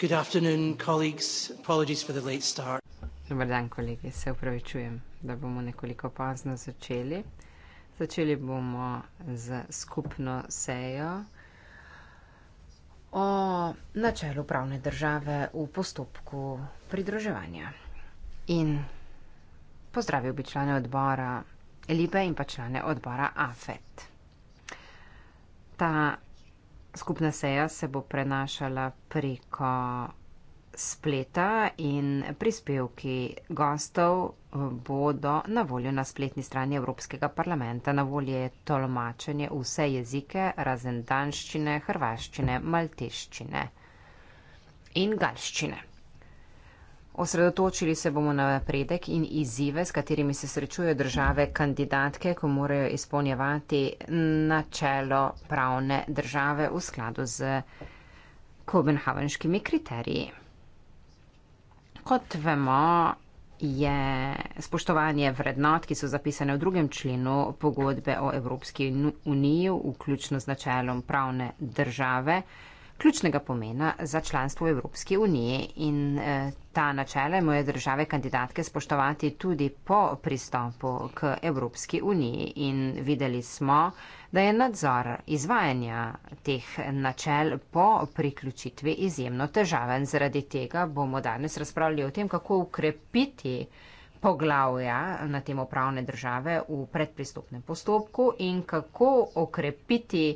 Good afternoon, colleagues. Apologies for the late start. Dobar dan, kolegi. Se upravičujem, da bomo nekoliko pozno začeli. Začeli bomo z skupno sejo o načelu pravne države v postopku pridruževanja. In pozdravil bi člane odbora Libe in pa člane odbora AFET. Ta Skupna seja se bo prenašala preko spleta in prispevki gostov eh, bodo na voljo na spletni strani Evropskega parlamenta. Na voljo je tolmačenje vse jezike, razen danščine, hrvaščine, malteščine in galščine. Osredotočili se bomo na napredek in izzive, s katerimi se srečujejo države kandidatke, ko morajo izpolnjevati načelo pravne države v skladu z kopenhavenškimi kriteriji. Kot vemo, je spoštovanje vrednot, ki so zapisane v drugem členu pogodbe o Evropski uniji, vključno z načelom pravne države, ključnega pomena za članstvo v Evropski uniji in eh, ta načele moje države kandidatke spoštovati tudi po pristopu k Evropski uniji in videli smo, da je nadzor izvajanja teh načel po priključitvi izjemno težaven. Zaradi tega bomo danes razpravljali o tem, kako ukrepiti poglavja na temo pravne države v predpristopnem postopku in kako okrepiti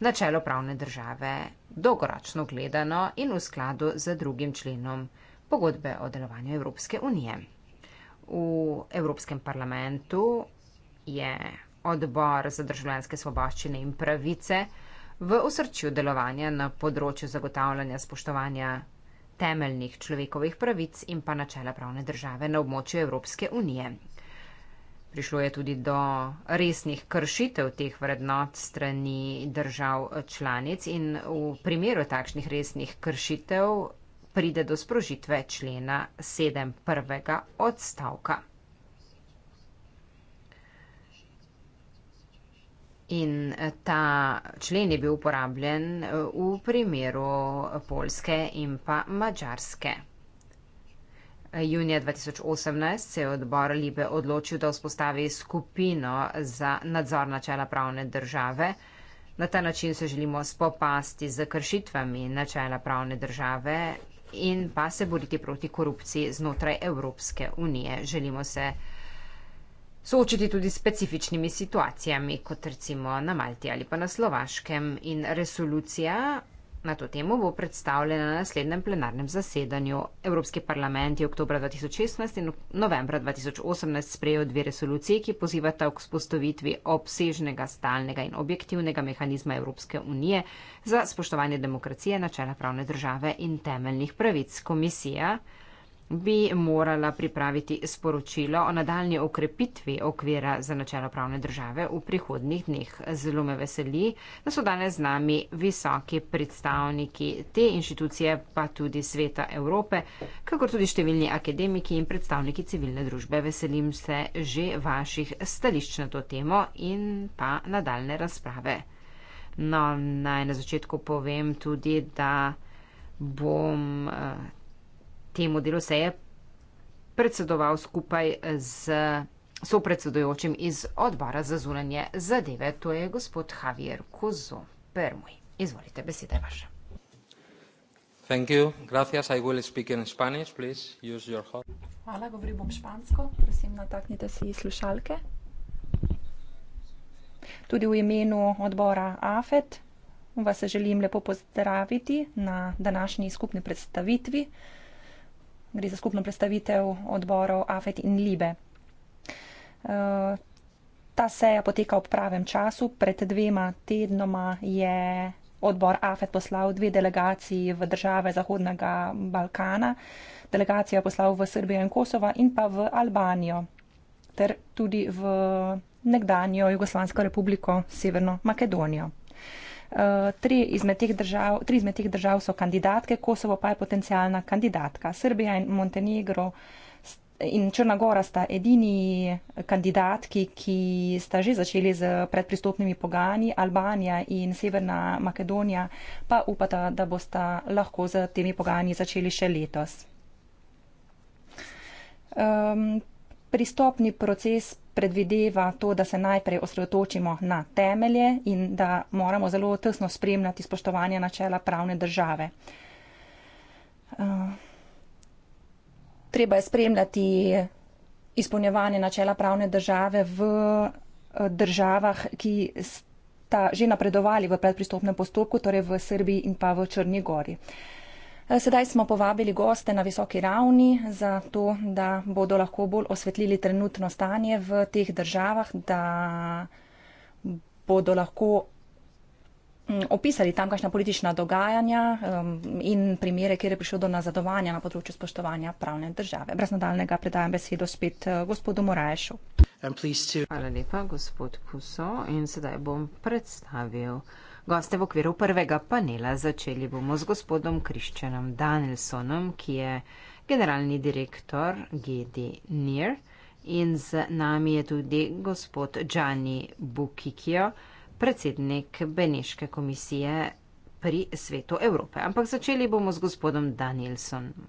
načelo pravne države, dolgoročno gledano in v skladu z drugim členom pogodbe o delovanju Evropske unije. V Evropskem parlamentu je odbor za državljanske svoboščine in pravice v osrčju delovanja na področju zagotavljanja spoštovanja temeljnih človekovih pravic in pa načela pravne države na območju Evropske unije. Prišlo je tudi do resnih kršitev teh vrednot strani držav članic in v primeru takšnih resnih kršitev pride do sprožitve člena 7. prvega odstavka. In ta člen je bil uporabljen v primeru Polske in pa Mačarske. Junija 2018 se je odbor Libe odločil, da vzpostavi skupino za nadzor načela pravne države. Na ta način se želimo spopasti z kršitvami načela pravne države in pa se boriti proti korupciji znotraj Evropske unije. Želimo se soočiti tudi s specifičnimi situacijami, kot recimo na Malti ali pa na Slovaškem. In resolucija Na to temo bo predstavljena na naslednjem plenarnem zasedanju. Evropski parlament je oktober 2016 in novembra 2018 sprejel dve resolucije, ki pozivata k spostovitvi obsežnega, stalnega in objektivnega mehanizma Evropske unije za spoštovanje demokracije, načela pravne države in temeljnih pravic. Komisija bi morala pripraviti sporočilo o nadaljni okrepitvi okvira za načelo pravne države v prihodnih dneh. Zelo me veseli, da so danes z nami visoki predstavniki te inštitucije, pa tudi Sveta Evrope, kakor tudi številni akademiki in predstavniki civilne družbe. Veselim se že vaših stališč na to temo in pa nadaljne razprave. No, naj na začetku povem tudi, da bom. Uh, temu delu seje predsedoval skupaj z sopredsedujočim iz odbora za zunanje zadeve, to je gospod Javier Kozo Permoj. Izvolite, beseda je vaša. Thank you. Gracias. I will speak in Spanish. Please use your host. Hvala, govorim bom špansko. Prosim, nataknite si slušalke. Tudi v imenu odbora AFET vas želim lepo pozdraviti na današnji skupni predstavitvi gre za skupno predstavitev odborov AFET in LIBE. Eh, ta seja poteka ob pravem času. Pred dvema tednoma je odbor AFET poslal dve delegaciji v države Zahodnega Balkana. Delegacijo je poslal v Srbijo in Kosovo in pa v Albanijo ter tudi v nekdanjo Jugoslansko republiko Severno Makedonijo tri izmed teh držav, tri izmed teh držav so kandidatke, Kosovo pa je potencijalna kandidatka. Srbija in Montenegro in Črnagora sta edini kandidatki, ki sta že začeli z predpristopnimi pogajanji, Albanija in Severna Makedonija pa upata, da bosta lahko z temi pogajanji začeli še letos. Um, pristopni proces predvideva to, da se najprej osredotočimo na temelje in da moramo zelo tesno spremljati spoštovanje načela pravne države. Eh, treba je spremljati izpolnjevanje načela pravne države v eh, državah, ki sta že napredovali v predpristopnem postopku, torej v Srbiji in pa v Črnjegori. Eh, sedaj smo povabili goste na visoki ravni, zato da bodo lahko bolj osvetlili trenutno stanje v teh državah, da bodo lahko mm, opisali tamkajšnja politična dogajanja in primere, kjer je prišlo do nazadovanja na področju spoštovanja pravne države. Brez nadaljnega predajam besedo spet eh, gospodu Morajšu. Hvala lepa, gospod Kuso. In sedaj bom predstavil. Goste v okviru prvega panela začeli bomo z gospodom Krišćanom Danielsonom, ki je generalni direktor GD NIR in z nami je tudi gospod Gianni Bukikio, predsednik Beneške komisije pri svetu Evrope. Ampak začeli bomo z gospodom Danielsonom.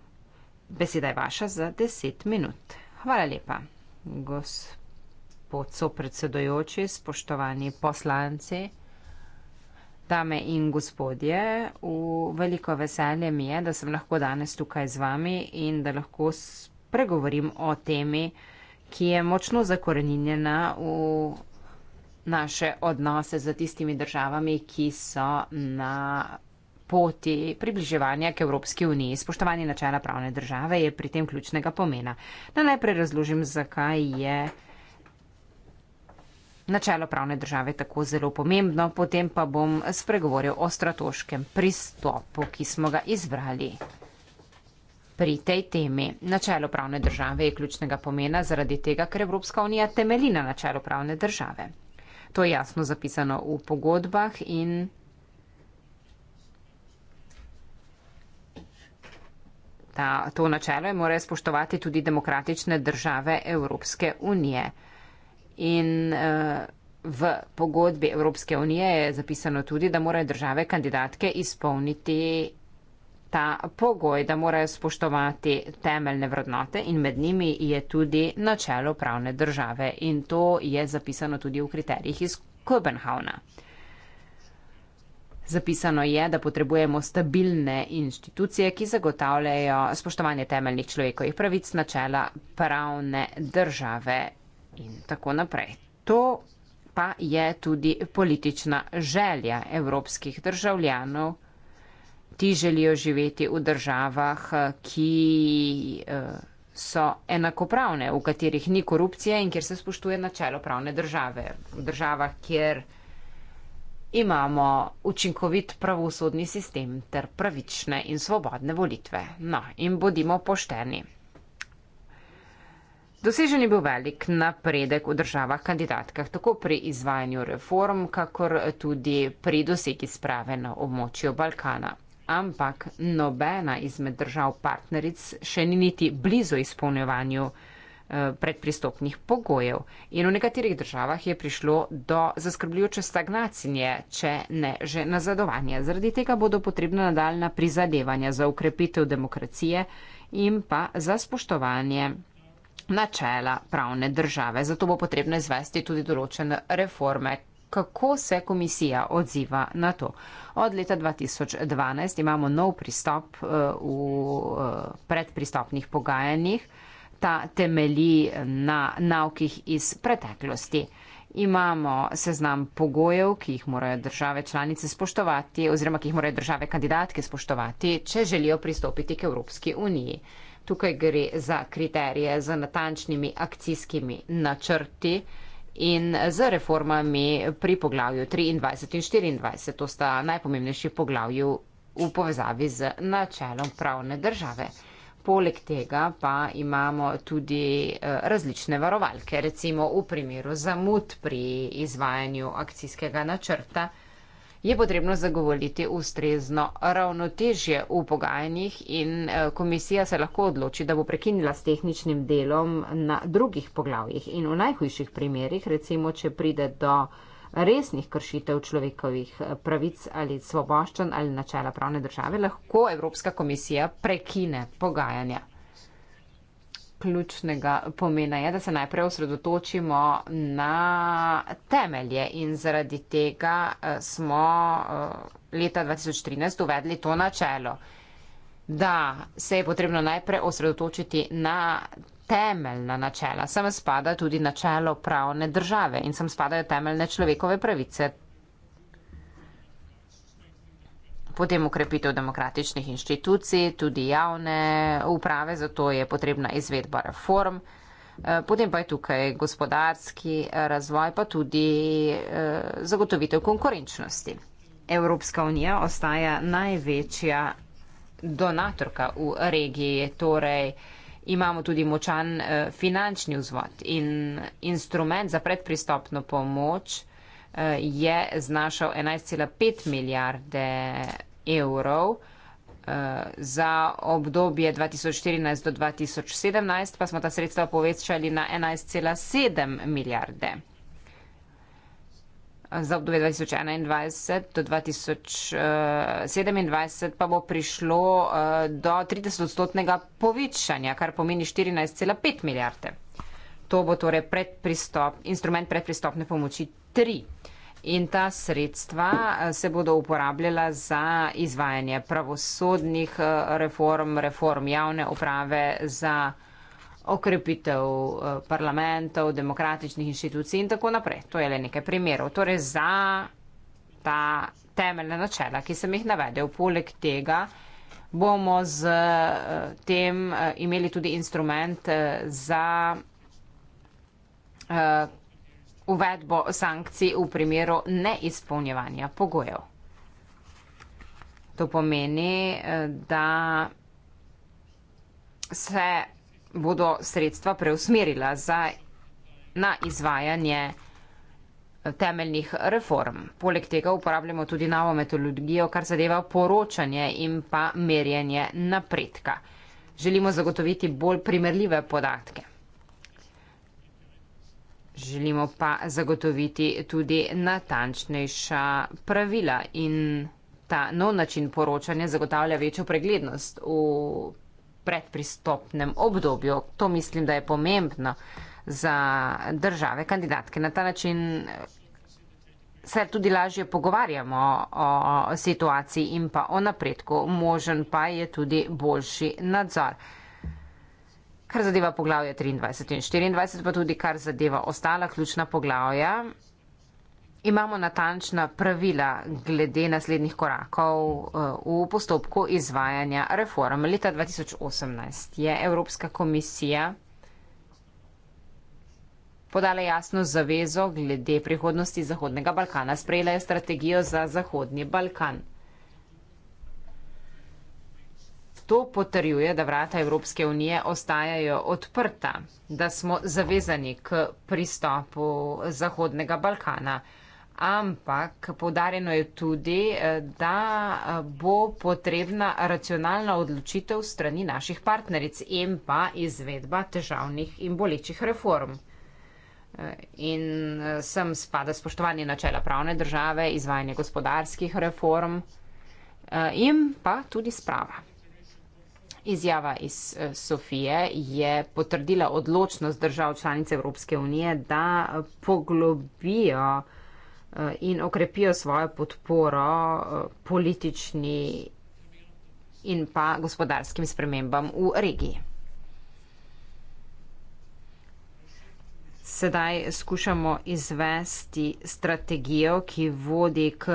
Beseda je vaša za deset minut. Hvala lepa, gospod so predsedojoči, spoštovani poslanci. Dame in gospodje, v veliko veselje mi je, da sem lahko danes tukaj z vami in da lahko spregovorim o temi, ki je močno zakorenjena v naše odnose z tistimi državami, ki so na poti približevanja k Evropski uniji. Spoštovanje načela pravne države je pri tem ključnega pomena. Da najprej razložim, zakaj je načelo pravne države tako zelo pomembno, potem pa bom spregovoril o strateškem pristopu, ki smo ga izbrali. Pri tej temi načelo pravne države je ključnega pomena zaradi tega, ker Evropska unija temelji na načelu pravne države. To je jasno zapisano v pogodbah in ta, to načelo je morajo spoštovati tudi demokratične države Evropske unije. In uh, v pogodbi Evropske unije je zapisano tudi, da morajo države kandidatke izpolniti ta pogoj, da morajo spoštovati temeljne vrednote in med njimi je tudi načelo pravne države. In to je zapisano tudi v kriterijih iz Kopenhavna. Zapisano je, da potrebujemo stabilne inštitucije, ki zagotavljajo spoštovanje temeljnih človekovih pravic, načela pravne države in tako naprej. To pa je tudi politična želja evropskih državljanov. Ti želijo živeti v državah, ki eh, so enakopravne, v katerih ni korupcije in kjer se spoštuje načelo pravne države. V državah, kjer imamo učinkovit pravosodni sistem ter pravične in svobodne volitve. No, in bodimo pošteni. Dosežen je bil velik napredek v državah kandidatkah, tako pri izvajanju reform, kakor tudi pri dosegi sprave na območju Balkana. Ampak nobena izmed držav partneric še ni niti blizu izpolnjevanju eh, predpristopnih pogojev in v nekaterih državah je prišlo do zaskrbljujoče stagnacije, če ne že nazadovanja. Zaradi tega bodo potrebna nadaljna prizadevanja za ukrepitev demokracije in pa za spoštovanje načela pravne države. Zato bo potrebno izvesti tudi določene reforme. Kako se komisija odziva na to? Od leta 2012 imamo nov pristop eh, v eh, predpristopnih pogajanjih. Ta temelji na naukih iz preteklosti. Imamo seznam pogojev, ki jih morajo države članice spoštovati oziroma ki jih morajo države kandidatke spoštovati, če želijo pristopiti k Evropski uniji tukaj gre za kriterije, za natančnimi akcijskimi načrti in za reformami pri poglavju 23 in 24. To sta najpomembnejši poglavju v povezavi z načelom pravne države. Poleg tega pa imamo tudi eh, različne varovalke, recimo v primeru zamud pri izvajanju akcijskega načrta je potrebno zagovoriti ustrezno ravnotežje v pogajanjih in eh, komisija se lahko odloči, da bo prekinila s tehničnim delom na drugih poglavjih. In v najhujših primerjih, recimo, če pride do resnih kršitev človekovih eh, pravic ali svoboščen ali načela pravne države, lahko Evropska komisija prekine pogajanja ključnega pomena je, da se najprej osredotočimo na temelje in zaradi tega eh, smo eh, leta 2013 uvedli to načelo, da se je potrebno najprej osredotočiti na temeljna načela. Sem spada tudi načelo pravne države in sem spadajo temeljne človekove pravice. Potem ukrepitev demokratičnih inštitucij, tudi javne uprave, zato je potrebna izvedba reform. Eh, potem pa je tukaj gospodarski razvoj, pa tudi eh, zagotovitev konkurenčnosti. Evropska unija ostaja največja donatorka v regiji, torej imamo tudi močan eh, finančni vzvod in instrument za predpristopno pomoč je znašal 11,5 milijarde evrov. Eh, za obdobje 2014 do 2017 pa smo ta sredstva povečali na 11,7 milijarde. Za obdobje 2021 do 2027 eh, pa bo prišlo eh, do 30-odstotnega povečanja, kar pomeni 14,5 milijarde. To bo torej pred pristop, instrument predpristopne pomoči tri. In ta sredstva eh, se bodo uporabljala za izvajanje pravosodnih eh, reform, reform javne uprave, za okrepitev eh, parlamentov, demokratičnih inštitucij in tako naprej. To je le nekaj primerov. Torej za ta temeljna načela, ki sem jih navedel. Poleg tega bomo z tem imeli tudi instrument za uvedbo sankcij v primeru neizpolnjevanja pogojev. To pomeni, eh, da se bodo sredstva preusmerila za, na izvajanje eh, temeljnih reform. Poleg tega uporabljamo tudi novo metodologijo, kar zadeva poročanje in pa merjenje napredka. Želimo zagotoviti bolj primerljive podatke. Želimo pa zagotoviti tudi natančnejša pravila in ta nov način poročanja zagotavlja večjo preglednost v predpristopnem obdobju. To mislim, da je pomembno za države kandidatke. Na ta način se tudi lažje pogovarjamo o situaciji in pa o napredku. Možen pa je tudi boljši nadzor kar zadeva poglavje 23 in 24, pa tudi kar zadeva ostala ključna poglavja. Imamo natančna pravila glede naslednjih korakov eh, v postopku izvajanja reform. Leta 2018 je Evropska komisija podala jasno zavezo glede prihodnosti Zahodnega Balkana. Sprejela je strategijo za Zahodni Balkan. to potrjuje, da vrata Evropske unije ostajajo odprta, da smo zavezani k pristopu Zahodnega Balkana. Ampak povdarjeno je tudi, eh, da eh, bo potrebna racionalna odločitev strani naših partneric in pa izvedba težavnih in bolečih reform. Eh, in sem spada spoštovanje načela pravne države, izvajanje gospodarskih reform in pa tudi sprava. Izjava iz eh, Sofije je potrdila odločnost držav članice Evropske unije, da poglobijo eh, in okrepijo svojo podporo eh, politični in pa gospodarskim spremembam v regiji. Sedaj skušamo izvesti strategijo, ki vodi k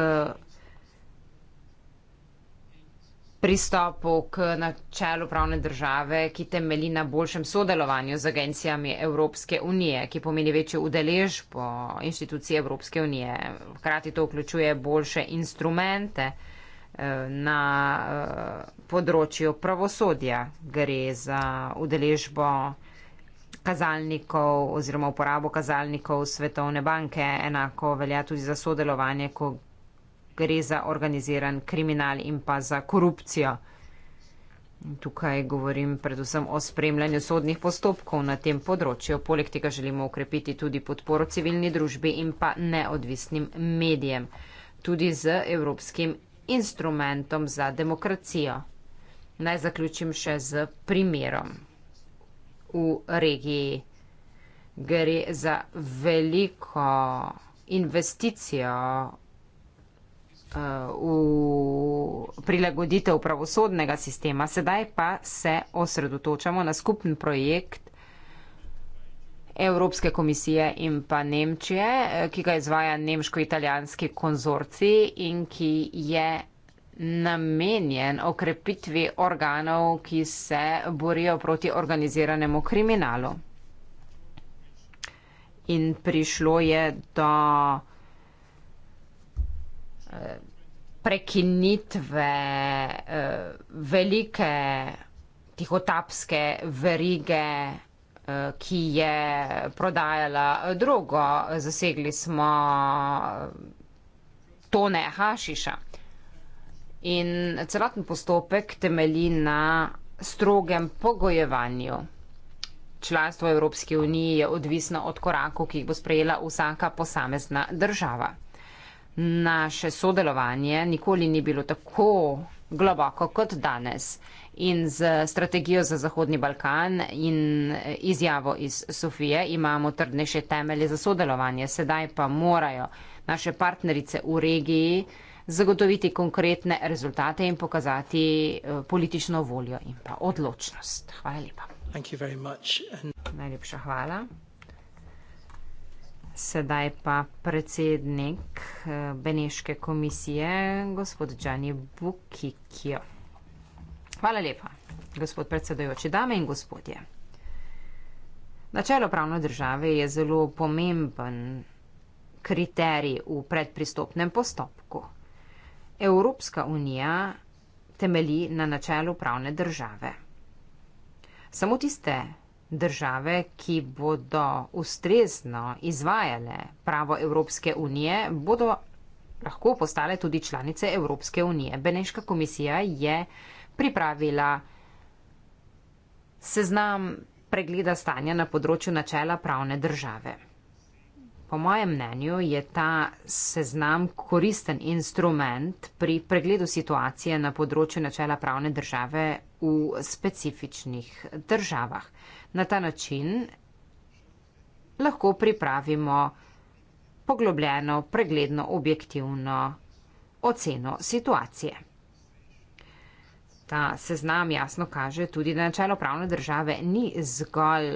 pristopu k načelu pravne države, ki temelji na boljšem sodelovanju z agencijami Evropske unije, ki pomeni večjo udelež po inštituciji Evropske unije. Hkrati to vključuje boljše instrumente eh, na eh, področju pravosodja. Gre za udeležbo kazalnikov oziroma uporabo kazalnikov Svetovne banke. Enako velja tudi za sodelovanje, ko gre za organiziran kriminal in pa za korupcijo. Tukaj govorim predvsem o spremljanju sodnih postopkov na tem področju. Poleg tega želimo ukrepiti tudi podporo civilni družbi in pa neodvisnim medijem, tudi z evropskim instrumentom za demokracijo. Naj zaključim še z primerom. V regiji gre za veliko investicijo v prilagoditev pravosodnega sistema, sedaj pa se osredotočamo na skupen projekt Evropske komisije in pa Nemčije, ki ga izvaja nemško-italijanski konzorci in ki je namenjen okrepitvi organov, ki se borijo proti organiziranemu kriminalu. In prišlo je do prekinitve eh, velike tihotapske verige, eh, ki je prodajala drugo. Zasegli smo eh, tone Hašiša. In celoten postopek temelji na strogem pogojevanju. Članstvo Evropske unije je odvisno od korakov, ki jih bo sprejela vsaka posamezna država naše sodelovanje nikoli ni bilo tako globoko kot danes. In z strategijo za Zahodni Balkan in izjavo iz Sofije imamo trdnejše temelje za sodelovanje. Sedaj pa morajo naše partnerice v regiji zagotoviti konkretne rezultate in pokazati eh, politično voljo in pa odločnost. Hvala lepa. Najlepša hvala. Sedaj pa predsednik eh, Beneške komisije, gospod Džani Bukikijo. Hvala lepa, gospod predsedojoči, dame in gospodje. Načelo pravne države je zelo pomemben kriterij v predpristopnem postopku. Evropska unija temelji na načelu pravne države. Samo tiste Države, ki bodo ustrezno izvajale pravo Evropske unije, bodo lahko postale tudi članice Evropske unije. Beneška komisija je pripravila seznam pregleda stanja na področju načela pravne države. Po mojem mnenju je ta seznam koristen instrument pri pregledu situacije na področju načela pravne države v specifičnih državah. Na ta način lahko pripravimo poglobljeno, pregledno, objektivno oceno situacije. Ta seznam jasno kaže tudi, da načelo pravne države ni zgolj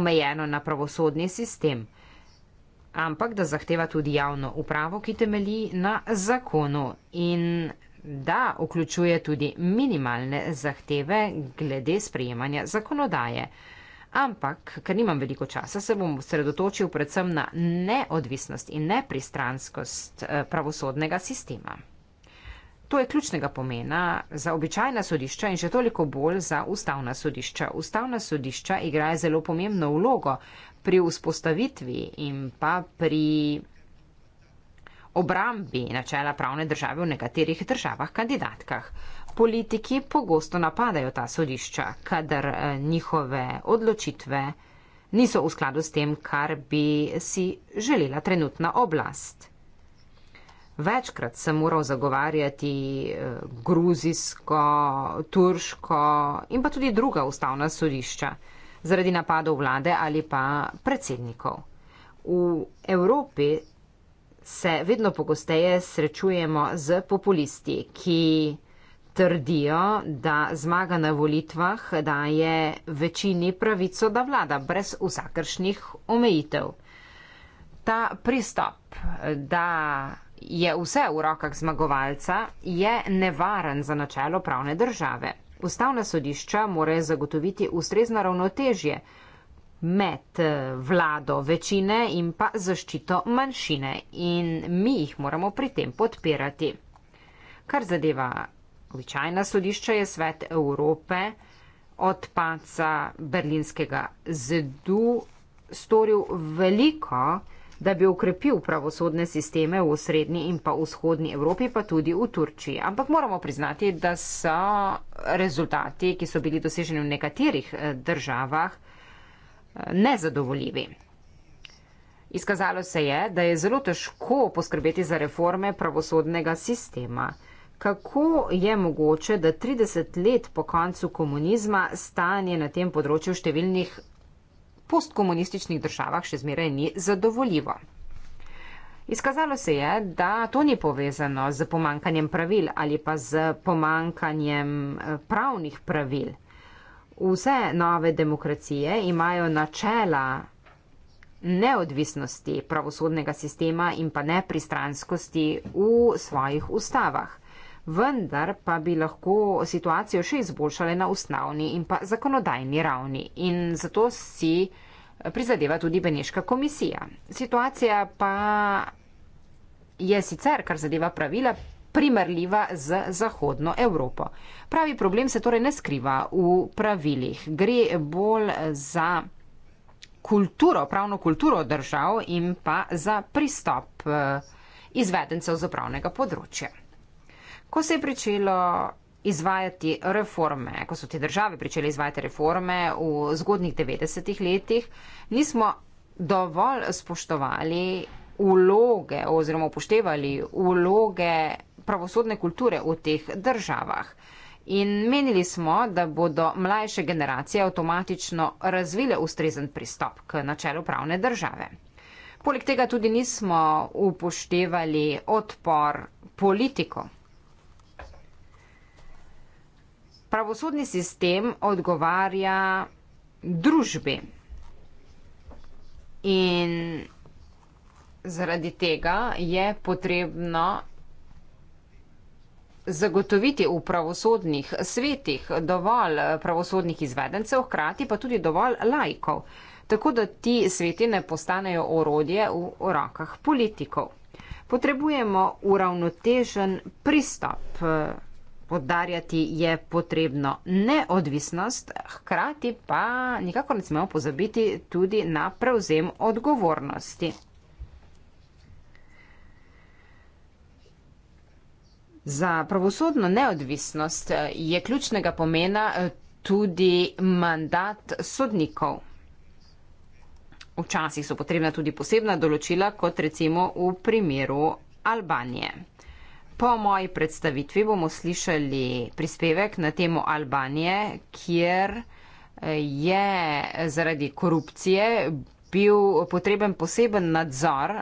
omejeno na pravosodni sistem, ampak da zahteva tudi javno upravo, ki temelji na zakonu in da vključuje tudi minimalne zahteve glede sprejemanja zakonodaje. Ampak, ker nimam veliko časa, se bom sredotočil predvsem na neodvisnost in nepristranskost eh, pravosodnega sistema. To je ključnega pomena za običajna sodišča in še toliko bolj za ustavna sodišča. Ustavna sodišča igrajo zelo pomembno vlogo pri vzpostavitvi in pa pri obrambi načela pravne države v nekaterih državah kandidatkah. Politiki pogosto napadajo ta sodišča, kadar eh, njihove odločitve niso v skladu s tem, kar bi si želela trenutna oblast. Večkrat sem moral zagovarjati eh, gruzijsko, turško in pa tudi druga ustavna sodišča zaradi napadov vlade ali pa predsednikov. V Evropi se vedno pogosteje srečujemo z populisti, ki trdijo, da zmaga na volitvah daje večini pravico, da vlada brez vsakršnih omejitev. Ta pristop, da je vse v rokah zmagovalca, je nevaren za načelo pravne države. Ustavna sodišča morajo zagotoviti ustrezno ravnotežje med eh, vlado večine in pa zaščito manjšine in mi jih moramo pri tem podpirati. Kar zadeva običajna sodišča je svet Evrope od paca berlinskega zedu storil veliko, da bi ukrepil pravosodne sisteme v srednji in pa vzhodni Evropi, pa tudi v Turčiji. Ampak moramo priznati, da so rezultati, ki so bili doseženi v nekaterih eh, državah, nezadovoljivi. Izkazalo se je, da je zelo težko poskrbeti za reforme pravosodnega sistema. Kako je mogoče, da 30 let po koncu komunizma stanje na tem področju v številnih postkomunističnih državah še zmeraj ni zadovoljivo? Izkazalo se je, da to ni povezano z pomankanjem pravil ali pa z pomankanjem eh, pravnih pravil. Vse nove demokracije imajo načela neodvisnosti pravosodnega sistema in pa nepristranskosti v svojih ustavah. Vendar pa bi lahko situacijo še izboljšale na ustavni in pa zakonodajni ravni. In zato si prizadeva tudi Beneška komisija. Situacija pa je sicer, kar zadeva pravila, primerljiva z Zahodno Evropo. Pravi problem se torej ne skriva v pravilih. Gre bolj za kulturo, pravno kulturo držav in pa za pristop eh, izvedencev z upravnega področja. Ko se je pričelo izvajati reforme, ko so te države pričele izvajati reforme v zgodnih 90-ih letih, nismo dovolj spoštovali vloge oziroma upoštevali vloge pravosodne kulture v teh državah. In menili smo, da bodo mlajše generacije avtomatično razvile ustrezen pristop k načelu pravne države. Poleg tega tudi nismo upoštevali odpor politiko. Pravosodni sistem odgovarja družbi in zaradi tega je potrebno zagotoviti v pravosodnih svetih dovolj eh, pravosodnih izvedencev, hkrati pa tudi dovolj lajkov, tako da ti sveti ne postanejo orodje v rokah politikov. Potrebujemo uravnotežen pristop. Eh, Podarjati je potrebno neodvisnost, hkrati pa nikako ne smemo pozabiti tudi na prevzem odgovornosti. Za pravosodno neodvisnost eh, je ključnega pomena eh, tudi mandat sodnikov. Včasih so potrebna tudi posebna določila, kot recimo v primeru Albanije. Po moji predstavitvi bomo slišali prispevek na temo Albanije, kjer eh, je zaradi korupcije bil potreben poseben nadzor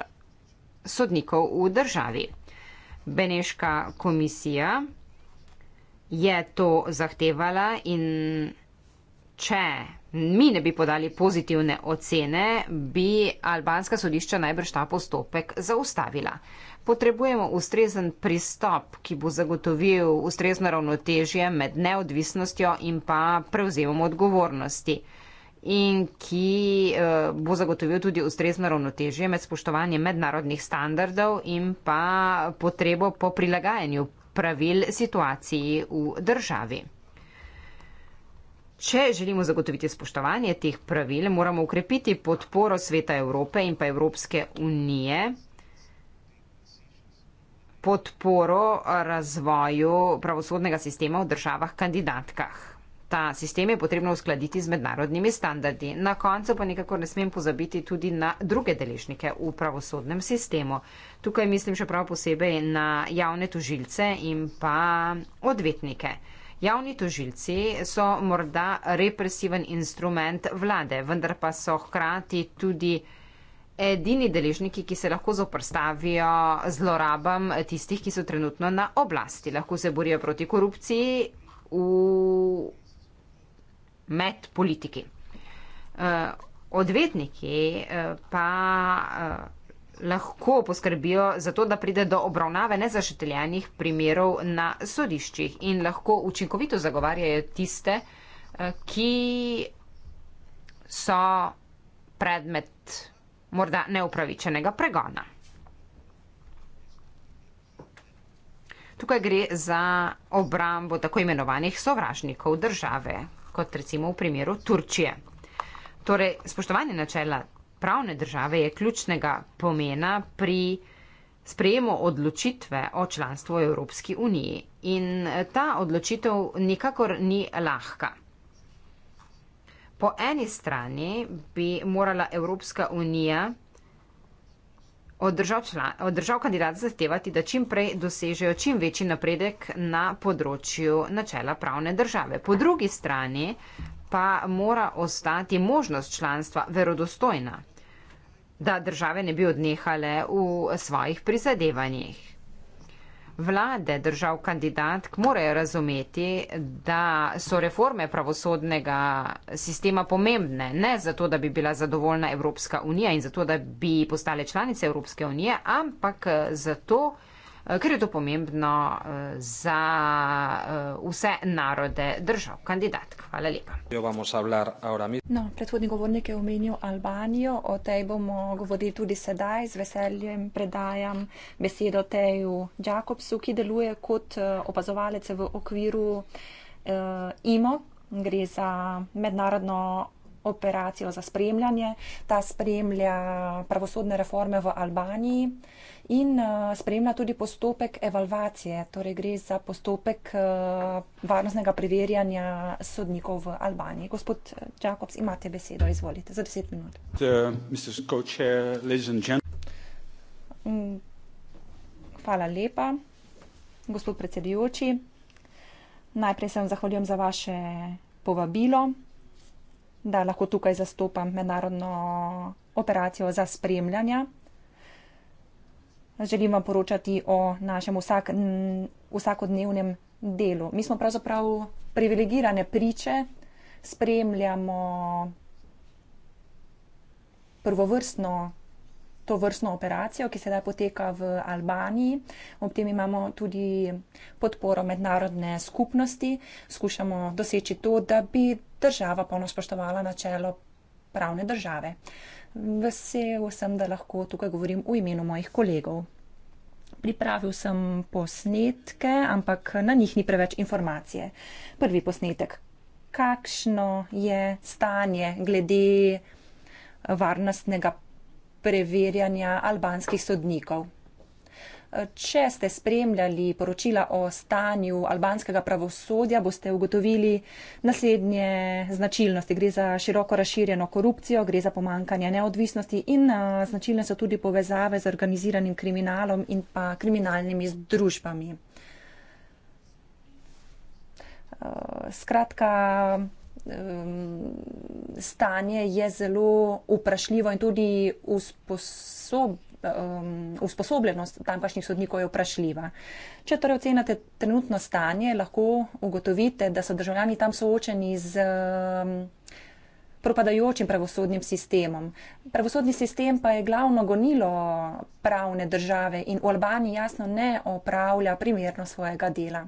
sodnikov v državi. Beneška komisija je to zahtevala in če mi ne bi podali pozitivne ocene, bi albanska sodišča najbrž ta postopek zaustavila. Potrebujemo ustrezen pristop, ki bo zagotovil ustrezno ravnotežje med neodvisnostjo in pa prevzemom odgovornosti in ki eh, bo zagotovil tudi ustrezno ravnotežje med spoštovanjem mednarodnih standardov in pa potrebo po prilagajanju pravil situaciji v državi. Če želimo zagotoviti spoštovanje teh pravil, moramo ukrepiti podporo sveta Evrope in pa Evropske unije, podporo razvoju pravosodnega sistema v državah kandidatkah. Ta sistem je potrebno uskladiti z mednarodnimi standardi. Na koncu pa nekako ne smem pozabiti tudi na druge deležnike v pravosodnem sistemu. Tukaj mislim še prav posebej na javne tožilce in pa odvetnike. Javni tožilci so morda represiven instrument vlade, vendar pa so hkrati tudi edini deležniki, ki se lahko zoprstavijo zlorabam tistih, ki so trenutno na oblasti. Lahko se borijo proti korupciji. V med politiki. Eh, odvetniki eh, pa eh, lahko poskrbijo za to, da pride do obravnave nezašiteljenih primerov na sodiščih in lahko učinkovito zagovarjajo tiste, ki so predmet morda neupravičenega pregona. Tukaj gre za obrambo tako imenovanih sovražnikov države, kot recimo v primeru Turčije. Torej, spoštovanje načela pravne države je ključnega pomena pri sprejemu odločitve o članstvu v Evropski uniji in ta odločitev nikakor ni lahka. Po eni strani bi morala Evropska unija od držav, član, od držav kandidata zahtevati, da čim prej dosežejo čim večji napredek na področju načela pravne države. Po drugi strani pa mora ostati možnost članstva verodostojna, da države ne bi odnehale v svojih prizadevanjih vlade držav kandidatk morajo razumeti, da so reforme pravosodnega sistema pomembne, ne zato, da bi bila zadovoljna Evropska unija in zato, da bi postale članice Evropske unije, ampak zato, Eh, ker je to pomembno eh, za eh, vse narode držav. Kandidat, hvala lepa. No, predhodni govornik je omenil Albanijo, o tej bomo govorili tudi sedaj. Z veseljem predajam besedo Teju Jakobsu, ki deluje kot opazovalec v okviru uh, IMO. Gre za mednarodno operacijo za spremljanje. Ta spremlja pravosodne reforme v Albaniji. Uh, in eh, spremlja tudi postopek evalvacije, torej gre za postopek eh, varnostnega preverjanja sodnikov v Albaniji. Gospod eh, Jakobs, imate besedo, izvolite, za deset minut. Uh, mm, hvala lepa, gospod predsedujoči. Najprej se vam zahvaljujem za vaše povabilo, da lahko tukaj zastopam mednarodno operacijo za spremljanja želimo poročati o našem vsak, vsakodnevnem delu. Mi smo pravzaprav privilegirane priče, spremljamo prvovrstno to vrstno operacijo, ki sedaj poteka v Albaniji. Ob tem imamo tudi podporo mednarodne skupnosti. Skušamo doseči to, da bi država polno spoštovala načelo pravne države. Uh, Vesel sem, da lahko tukaj govorim v imenu mojih kolegov. Pripravil sem posnetke, ampak na njih ni preveč informacije. Prvi posnetek. Kakšno je stanje glede varnostnega preverjanja albanskih sodnikov? Če ste spremljali poročila o stanju albanskega pravosodja, boste ugotovili naslednje značilnosti. Gre za široko razširjeno korupcijo, gre za pomankanje neodvisnosti in značilne so tudi povezave z organiziranim kriminalom in pa kriminalnimi združbami. Skratka, stanje je zelo vprašljivo in tudi usposobljeno um, usposobljenost tamkajšnjih sodnikov je vprašljiva. Če torej ocenate trenutno stanje, lahko ugotovite, da so državljani tam soočeni z. Um, propadajočim pravosodnim sistemom. Pravosodni sistem pa je glavno gonilo pravne države in v Albaniji jasno ne opravlja primerno svojega dela.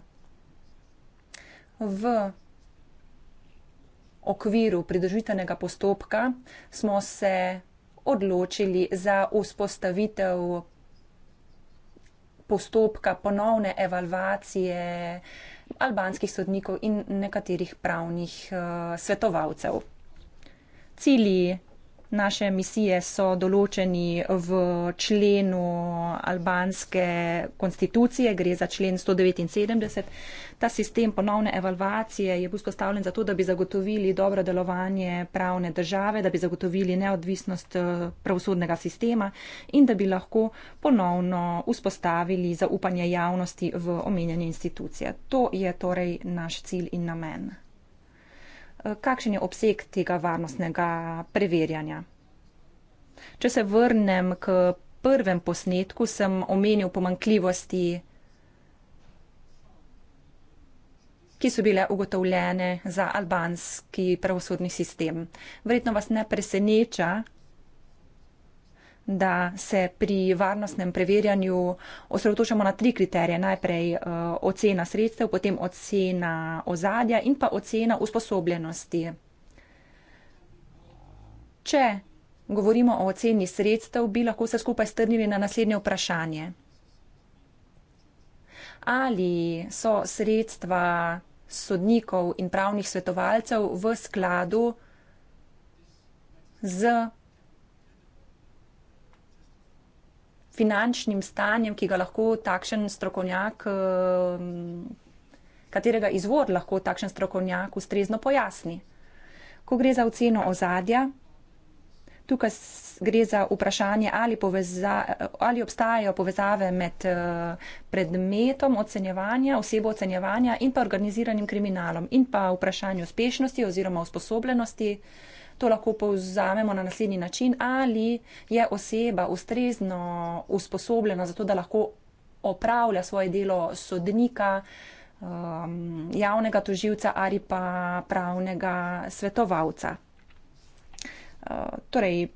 V okviru pridružitvenega postopka smo se odločili za vzpostavitev postopka ponovne evalvacije albanskih sodnikov in nekaterih pravnih uh, svetovalcev. Cilji naše misije so določeni v členu albanske konstitucije, gre za člen 179. Ta sistem ponovne evalvacije je bil spostavljen zato, da bi zagotovili dobro delovanje pravne države, da bi zagotovili neodvisnost eh, pravosodnega sistema in da bi lahko ponovno vzpostavili zaupanje javnosti v omenjanje institucije. To je torej naš cilj in namen. Eh, kakšen je obseg tega varnostnega preverjanja. Če se vrnem k prvem posnetku, sem omenil pomankljivosti, ki so bile ugotovljene za albanski pravosodni sistem. Verjetno vas ne preseneča, da se pri varnostnem preverjanju osredotočamo na tri kriterije. Najprej eh, ocena sredstev, potem ocena ozadja in pa ocena usposobljenosti. Če govorimo o oceni sredstev, bi lahko se skupaj strnili na naslednje vprašanje. Ali so sredstva sodnikov in pravnih svetovalcev v skladu z finančnim stanjem, ki ga lahko takšen strokovnjak, eh, katerega izvor lahko takšen strokovnjak ustrezno pojasni. Ko gre za oceno ozadja, tukaj gre za vprašanje, ali, poveza, ali obstajajo povezave med eh, predmetom ocenjevanja, osebo ocenjevanja in pa organiziranim kriminalom in pa vprašanje uspešnosti oziroma usposobljenosti To lahko povzamemo na naslednji način, ali je oseba ustrezno usposobljena za to, da lahko opravlja svoje delo sodnika, um, javnega toživca ali pa pravnega svetovalca. Uh, torej,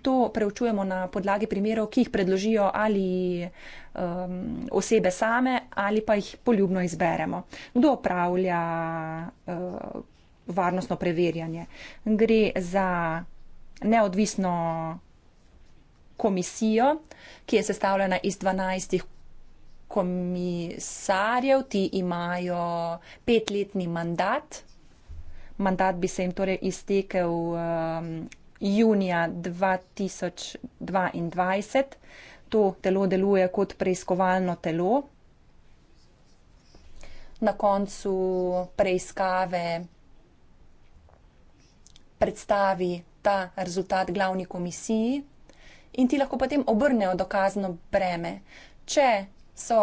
to preučujemo na podlagi primerov, ki jih predložijo ali um, osebe same ali pa jih poljubno izberemo. Kdo upravlja uh, varnostno preverjanje? Gre za neodvisno komisijo, ki je sestavljena iz 12 komisarjev, ti imajo petletni mandat. Mandat bi se jim torej iztekel um, junija 2022. To telo deluje kot preiskovalno telo. Na koncu preiskave predstavi ta rezultat glavni komisiji in ti lahko potem obrnejo dokazno breme. Če so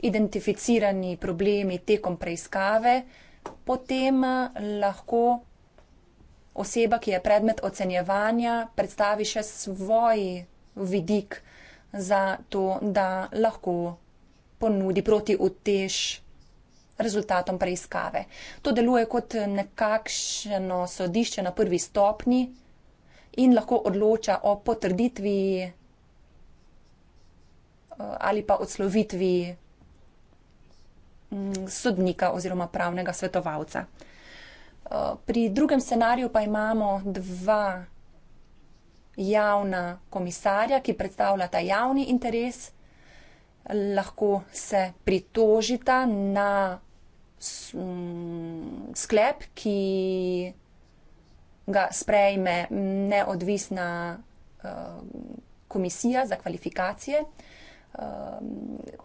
identificirani problemi tekom preiskave, potem lahko oseba, ki je predmet ocenjevanja, predstavi še svoj vidik za to, da lahko ponudi proti utež rezultatom preiskave. To deluje kot nekakšno sodišče na prvi stopni in lahko odloča o potrditvi eh, ali pa odslovitvi mm, sodnika oziroma pravnega svetovalca. Eh, pri drugem scenariju pa imamo dva javna komisarja, ki predstavljata javni interes, lahko se pritožita na mm, sklep, ki ga sprejme neodvisna eh, komisija za kvalifikacije. Eh,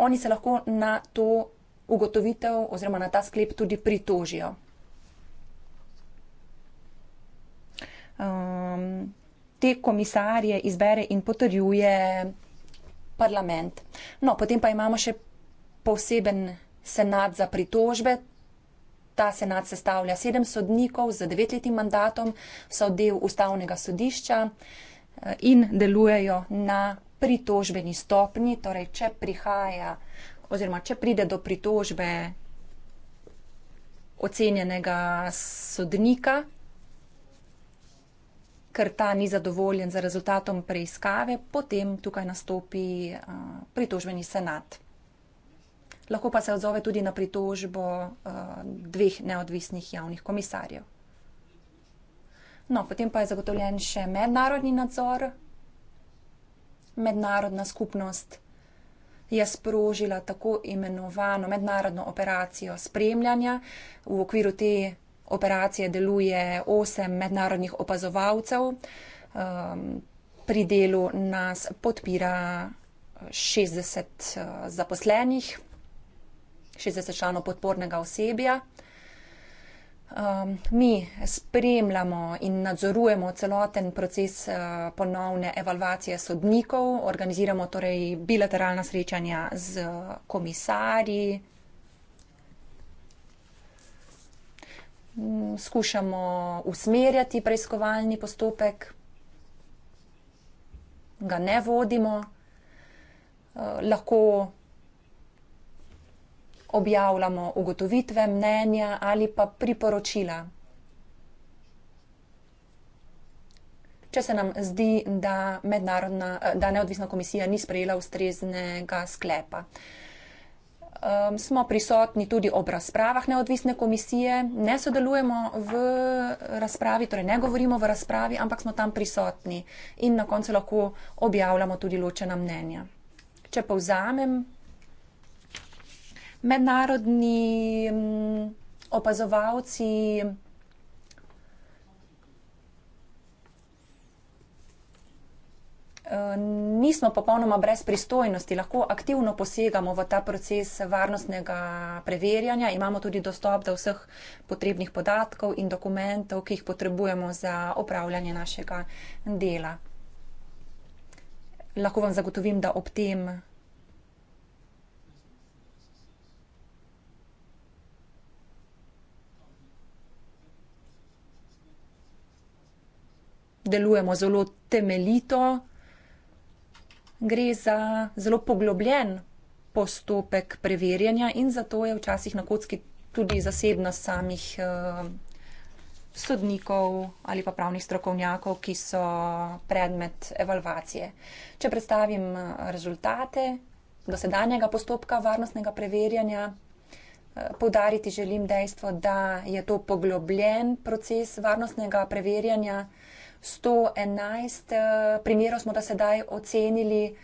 oni se lahko na to ugotovitev oziroma na ta sklep tudi pritožijo. um, te komisarje izbere in potrjuje parlament. No, potem pa imamo še poseben senat za pritožbe. Ta senat sestavlja sedem sodnikov z devetletnim mandatom, so del ustavnega sodišča eh, in delujejo na pritožbeni stopni. Torej, če prihaja oziroma če pride do pritožbe ocenjenega sodnika, ker ta ni zadovoljen z rezultatom preiskave, potem tukaj nastopi pritožbeni senat. Lahko pa se odzove tudi na pritožbo dveh neodvisnih javnih komisarjev. No, potem pa je zagotovljen še mednarodni nadzor. Mednarodna skupnost je sprožila tako imenovano mednarodno operacijo spremljanja v okviru te operacije deluje osem mednarodnih opazovalcev, um, pri delu nas podpira 60 uh, zaposlenih, 60 članov podpornega osebja. Um, mi spremljamo in nadzorujemo celoten proces uh, ponovne evalvacije sodnikov, organiziramo torej bilateralna srečanja z uh, komisarji, skušamo usmerjati preiskovalni postopek, ga ne vodimo, eh, lahko objavljamo ugotovitve, mnenja ali pa priporočila. Če se nam zdi, da, da neodvisna komisija ni sprejela ustreznega sklepa. Uh, um, smo prisotni tudi ob razpravah neodvisne komisije, ne sodelujemo v razpravi, torej ne govorimo v razpravi, ampak smo tam prisotni in na koncu lahko objavljamo tudi ločena mnenja. Če povzamem, mednarodni opazovalci. Um, Eh, nismo popolnoma brez pristojnosti, lahko aktivno posegamo v ta proces varnostnega preverjanja, imamo tudi dostop do vseh potrebnih podatkov in dokumentov, ki jih potrebujemo za opravljanje našega dela. Lahko vam zagotovim, da ob tem. Delujemo zelo temeljito gre za zelo poglobljen postopek preverjanja in zato je včasih na kocki tudi zasebnost samih eh, sodnikov ali pa pravnih strokovnjakov, ki so predmet evalvacije. Če predstavim eh, rezultate dosedanjega postopka varnostnega preverjanja, eh, poudariti želim dejstvo, da je to poglobljen proces varnostnega preverjanja. 111 eh, primerov smo da sedaj ocenili,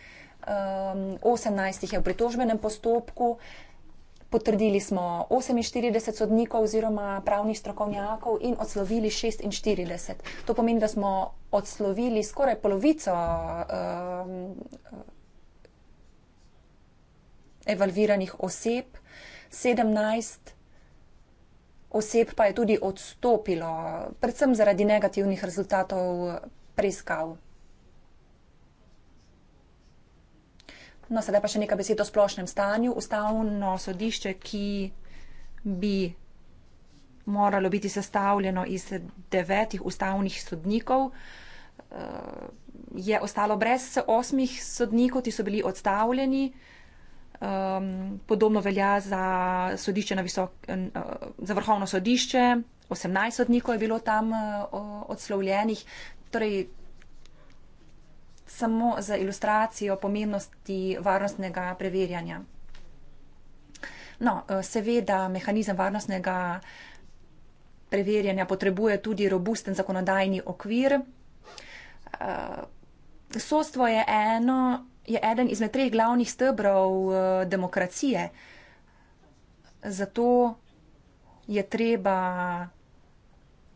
18 ehm, jih je v pritožbenem postopku. Potrdili smo 48 sodnikov oziroma pravnih strokovnjakov in odslovili 46. To pomeni, da smo odslovili skoraj polovico um, evalviranih oseb, 17 oseb pa je tudi odstopilo, predvsem zaradi negativnih rezultatov preiskav. No, sedaj pa še nekaj besed o splošnem stanju. Ustavno sodišče, ki bi moralo biti sestavljeno iz devetih ustavnih sodnikov, eh, je ostalo brez osmih sodnikov, ki so bili odstavljeni. Um, podobno velja za, na visok, uh, za vrhovno sodišče, 18 sodnikov je bilo tam uh, odslovljenih. Torej, samo za ilustracijo pomembnosti varnostnega preverjanja. No, uh, seveda, mehanizem varnostnega preverjanja potrebuje tudi robusten zakonodajni okvir. Uh, sostvo je eno je eden izmed treh glavnih stebrov eh, demokracije. Zato je treba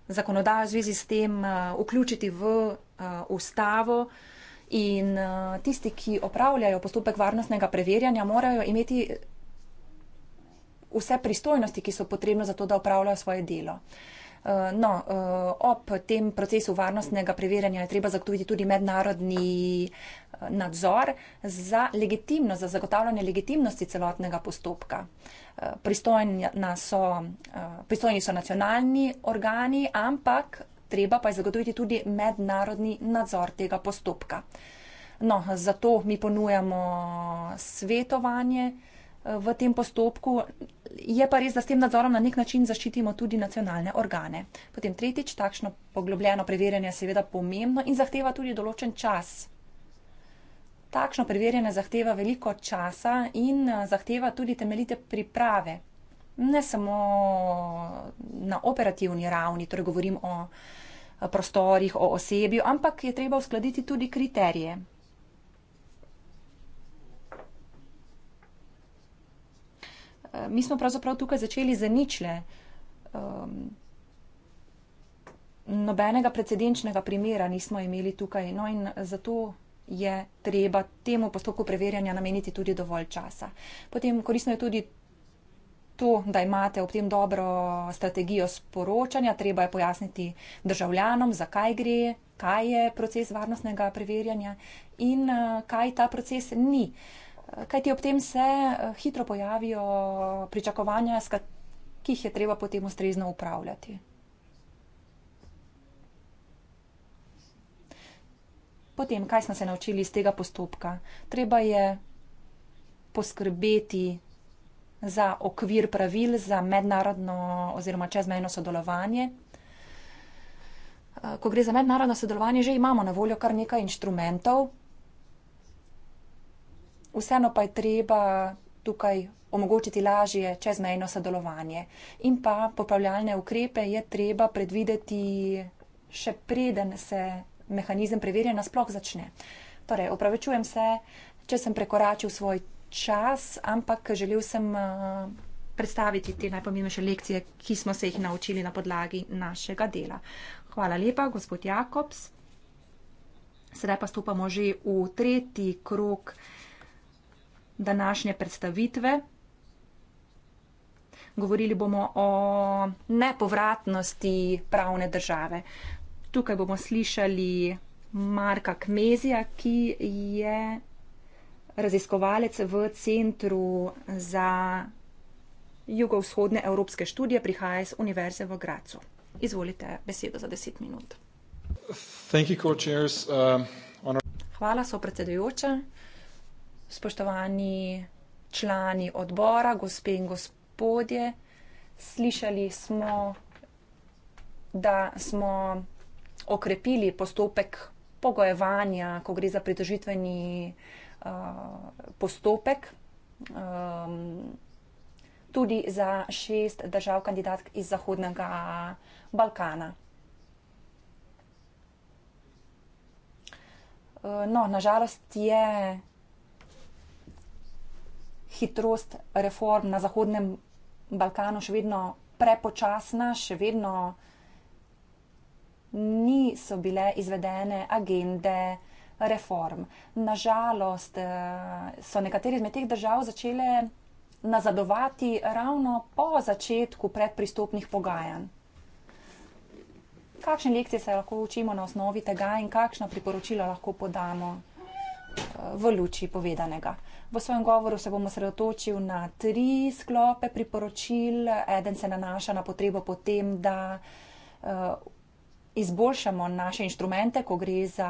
zakonodajo v zvezi s tem eh, vključiti v eh, ustavo in tisti, ki opravljajo postopek varnostnega preverjanja, morajo imeti vse pristojnosti, ki so potrebne za to, da opravljajo svoje delo. Eh, no, eh, ob tem procesu varnostnega preverjanja je treba zagotoviti tudi mednarodni eh, nadzor za legitimnost, za zagotavljanje legitimnosti celotnega postopka. So, pristojni so nacionalni organi, ampak treba pa je zagotoviti tudi mednarodni nadzor tega postopka. No, zato mi ponujamo svetovanje v tem postopku, je pa res, da s tem nadzorom na nek način zaščitimo tudi nacionalne organe. Potem tretjič, takšno poglobljeno preverjanje je seveda pomembno in zahteva tudi določen čas. Takšno preverjanje zahteva veliko časa in eh, zahteva tudi temeljite priprave. Ne samo na operativni ravni, torej govorim o eh, prostorih, o osebju, ampak je treba uskladiti tudi kriterije. mi smo pravzaprav tukaj začeli za ničle. Um, nobenega precedenčnega primera nismo imeli tukaj. No in zato je treba temu postopku preverjanja nameniti tudi dovolj časa. Potem koristno je tudi to, da imate ob tem dobro strategijo sporočanja, treba je pojasniti državljanom, zakaj gre, kaj je proces varnostnega preverjanja in uh, kaj ta proces ni. Uh, kajti ob tem se eh, hitro pojavijo pričakovanja, ki jih je treba potem ustrezno upravljati. Potem, kaj smo se naučili iz tega postopka? Treba je poskrbeti za okvir pravil za mednarodno oziroma čezmejno sodelovanje. Eh, ko gre za mednarodno sodelovanje, že imamo na voljo kar nekaj inštrumentov vseeno pa je treba tukaj omogočiti lažje čezmejno sodelovanje. In pa popravljalne ukrepe je treba predvideti še preden se mehanizem preverjanja sploh začne. Torej, opravičujem se, če sem prekoračil svoj čas, ampak želel sem eh, predstaviti te najpomembnejše lekcije, ki smo se jih naučili na podlagi našega dela. Hvala lepa, gospod Jakobs. Sedaj pa stopamo že v tretji krok današnje predstavitve. Govorili bomo o nepovratnosti pravne države. Tukaj bomo slišali Marka Kmezija, ki je raziskovalec v Centru za jugovzhodne evropske študije, prihaja iz Univerze v Gracu. Izvolite besedo za deset minut. Uh, Hvala, so predsedujoča spoštovani člani odbora, gospe in gospodje. Slišali smo, da smo okrepili postopek pogojevanja, ko gre za pridržitveni uh, eh, postopek. Um, tudi za šest držav kandidatk iz Zahodnega Balkana. Uh, no, nažalost je hitrost reform na Zahodnem Balkanu še vedno prepočasna, še vedno niso bile izvedene agende reform. Nažalost eh, so nekateri izmed teh držav začele nazadovati ravno po začetku predpristopnih pogajanj. Kakšne lekcije se lahko učimo na osnovi tega in kakšno priporočilo lahko podamo? v luči povedanega. V svojem govoru se bomo sredotočil na tri sklope priporočil. Eden se nanaša na potrebo po tem, da eh, izboljšamo naše inštrumente, ko gre za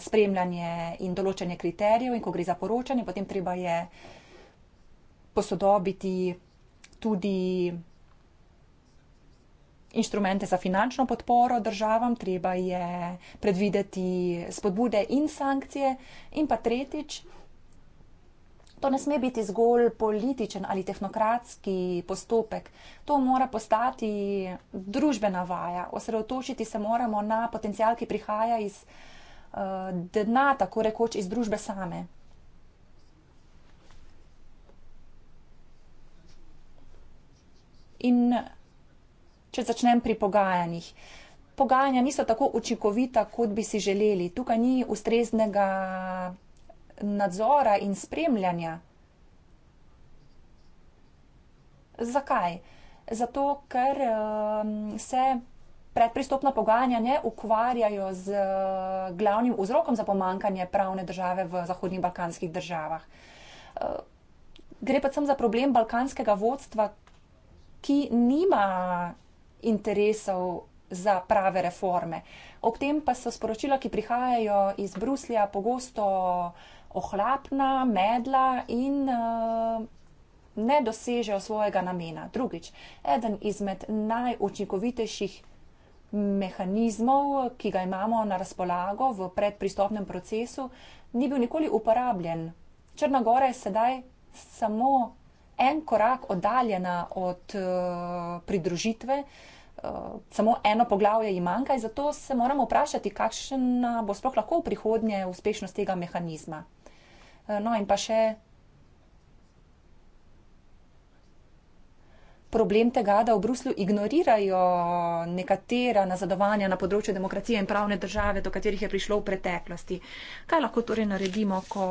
spremljanje in določanje kriterijev in ko gre za poročanje. Potem treba je posodobiti tudi inštrumente za finančno podporo državam, treba je predvideti spodbude in sankcije, in pa tretjič, to ne sme biti zgolj političen ali tehnokratski postopek, to mora postati družbena vaja. Osredotočiti se moramo na potencial, ki prihaja iz uh, dna, tako rekoč iz družbe same. In če začnem pri pogajanjih. Pogajanja niso tako učinkovita, kot bi si želeli. Tukaj ni ustreznega nadzora in spremljanja. Zakaj? Zato, ker um, se predpristopna pogajanja ne ukvarjajo z uh, glavnim vzrokom za pomankanje pravne države v zahodnjih balkanskih državah. Uh, gre pa sem za problem balkanskega vodstva, ki nima interesov za prave reforme. Ob tem pa so sporočila, ki prihajajo iz Bruslja, pogosto ohlapna, medla in uh, ne dosežejo svojega namena. Drugič, eden izmed najučinkovitejših mehanizmov, ki ga imamo na razpolago v predpristopnem procesu, ni bil nikoli uporabljen. Črna Gora je sedaj samo en korak oddaljena od uh, pridružitve, uh, samo eno poglavje jim manjka in zato se moramo vprašati, kakšna bo sploh lahko v prihodnje uspešnost tega mehanizma. Uh, no in pa še problem tega, da v Bruslu ignorirajo nekatera nazadovanja na področju demokracije in pravne države, do katerih je prišlo v preteklosti. Kaj lahko torej naredimo, ko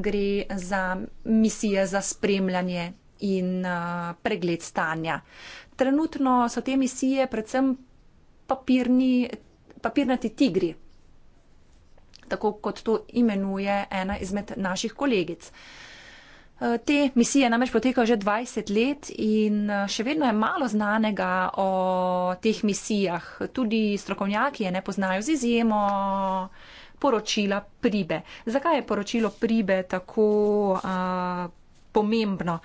gre za misije za spremljanje in eh, pregled stanja. Trenutno so te misije predvsem papirni, papirnati tigri, tako kot to imenuje ena izmed naših kolegic. Eh, te misije namreč potekajo že 20 let in eh, še vedno je malo znanega o teh misijah. Tudi strokovnjaki je ne poznajo z izjemo poročila pribe. Zakaj je poročilo pribe tako uh, pomembno?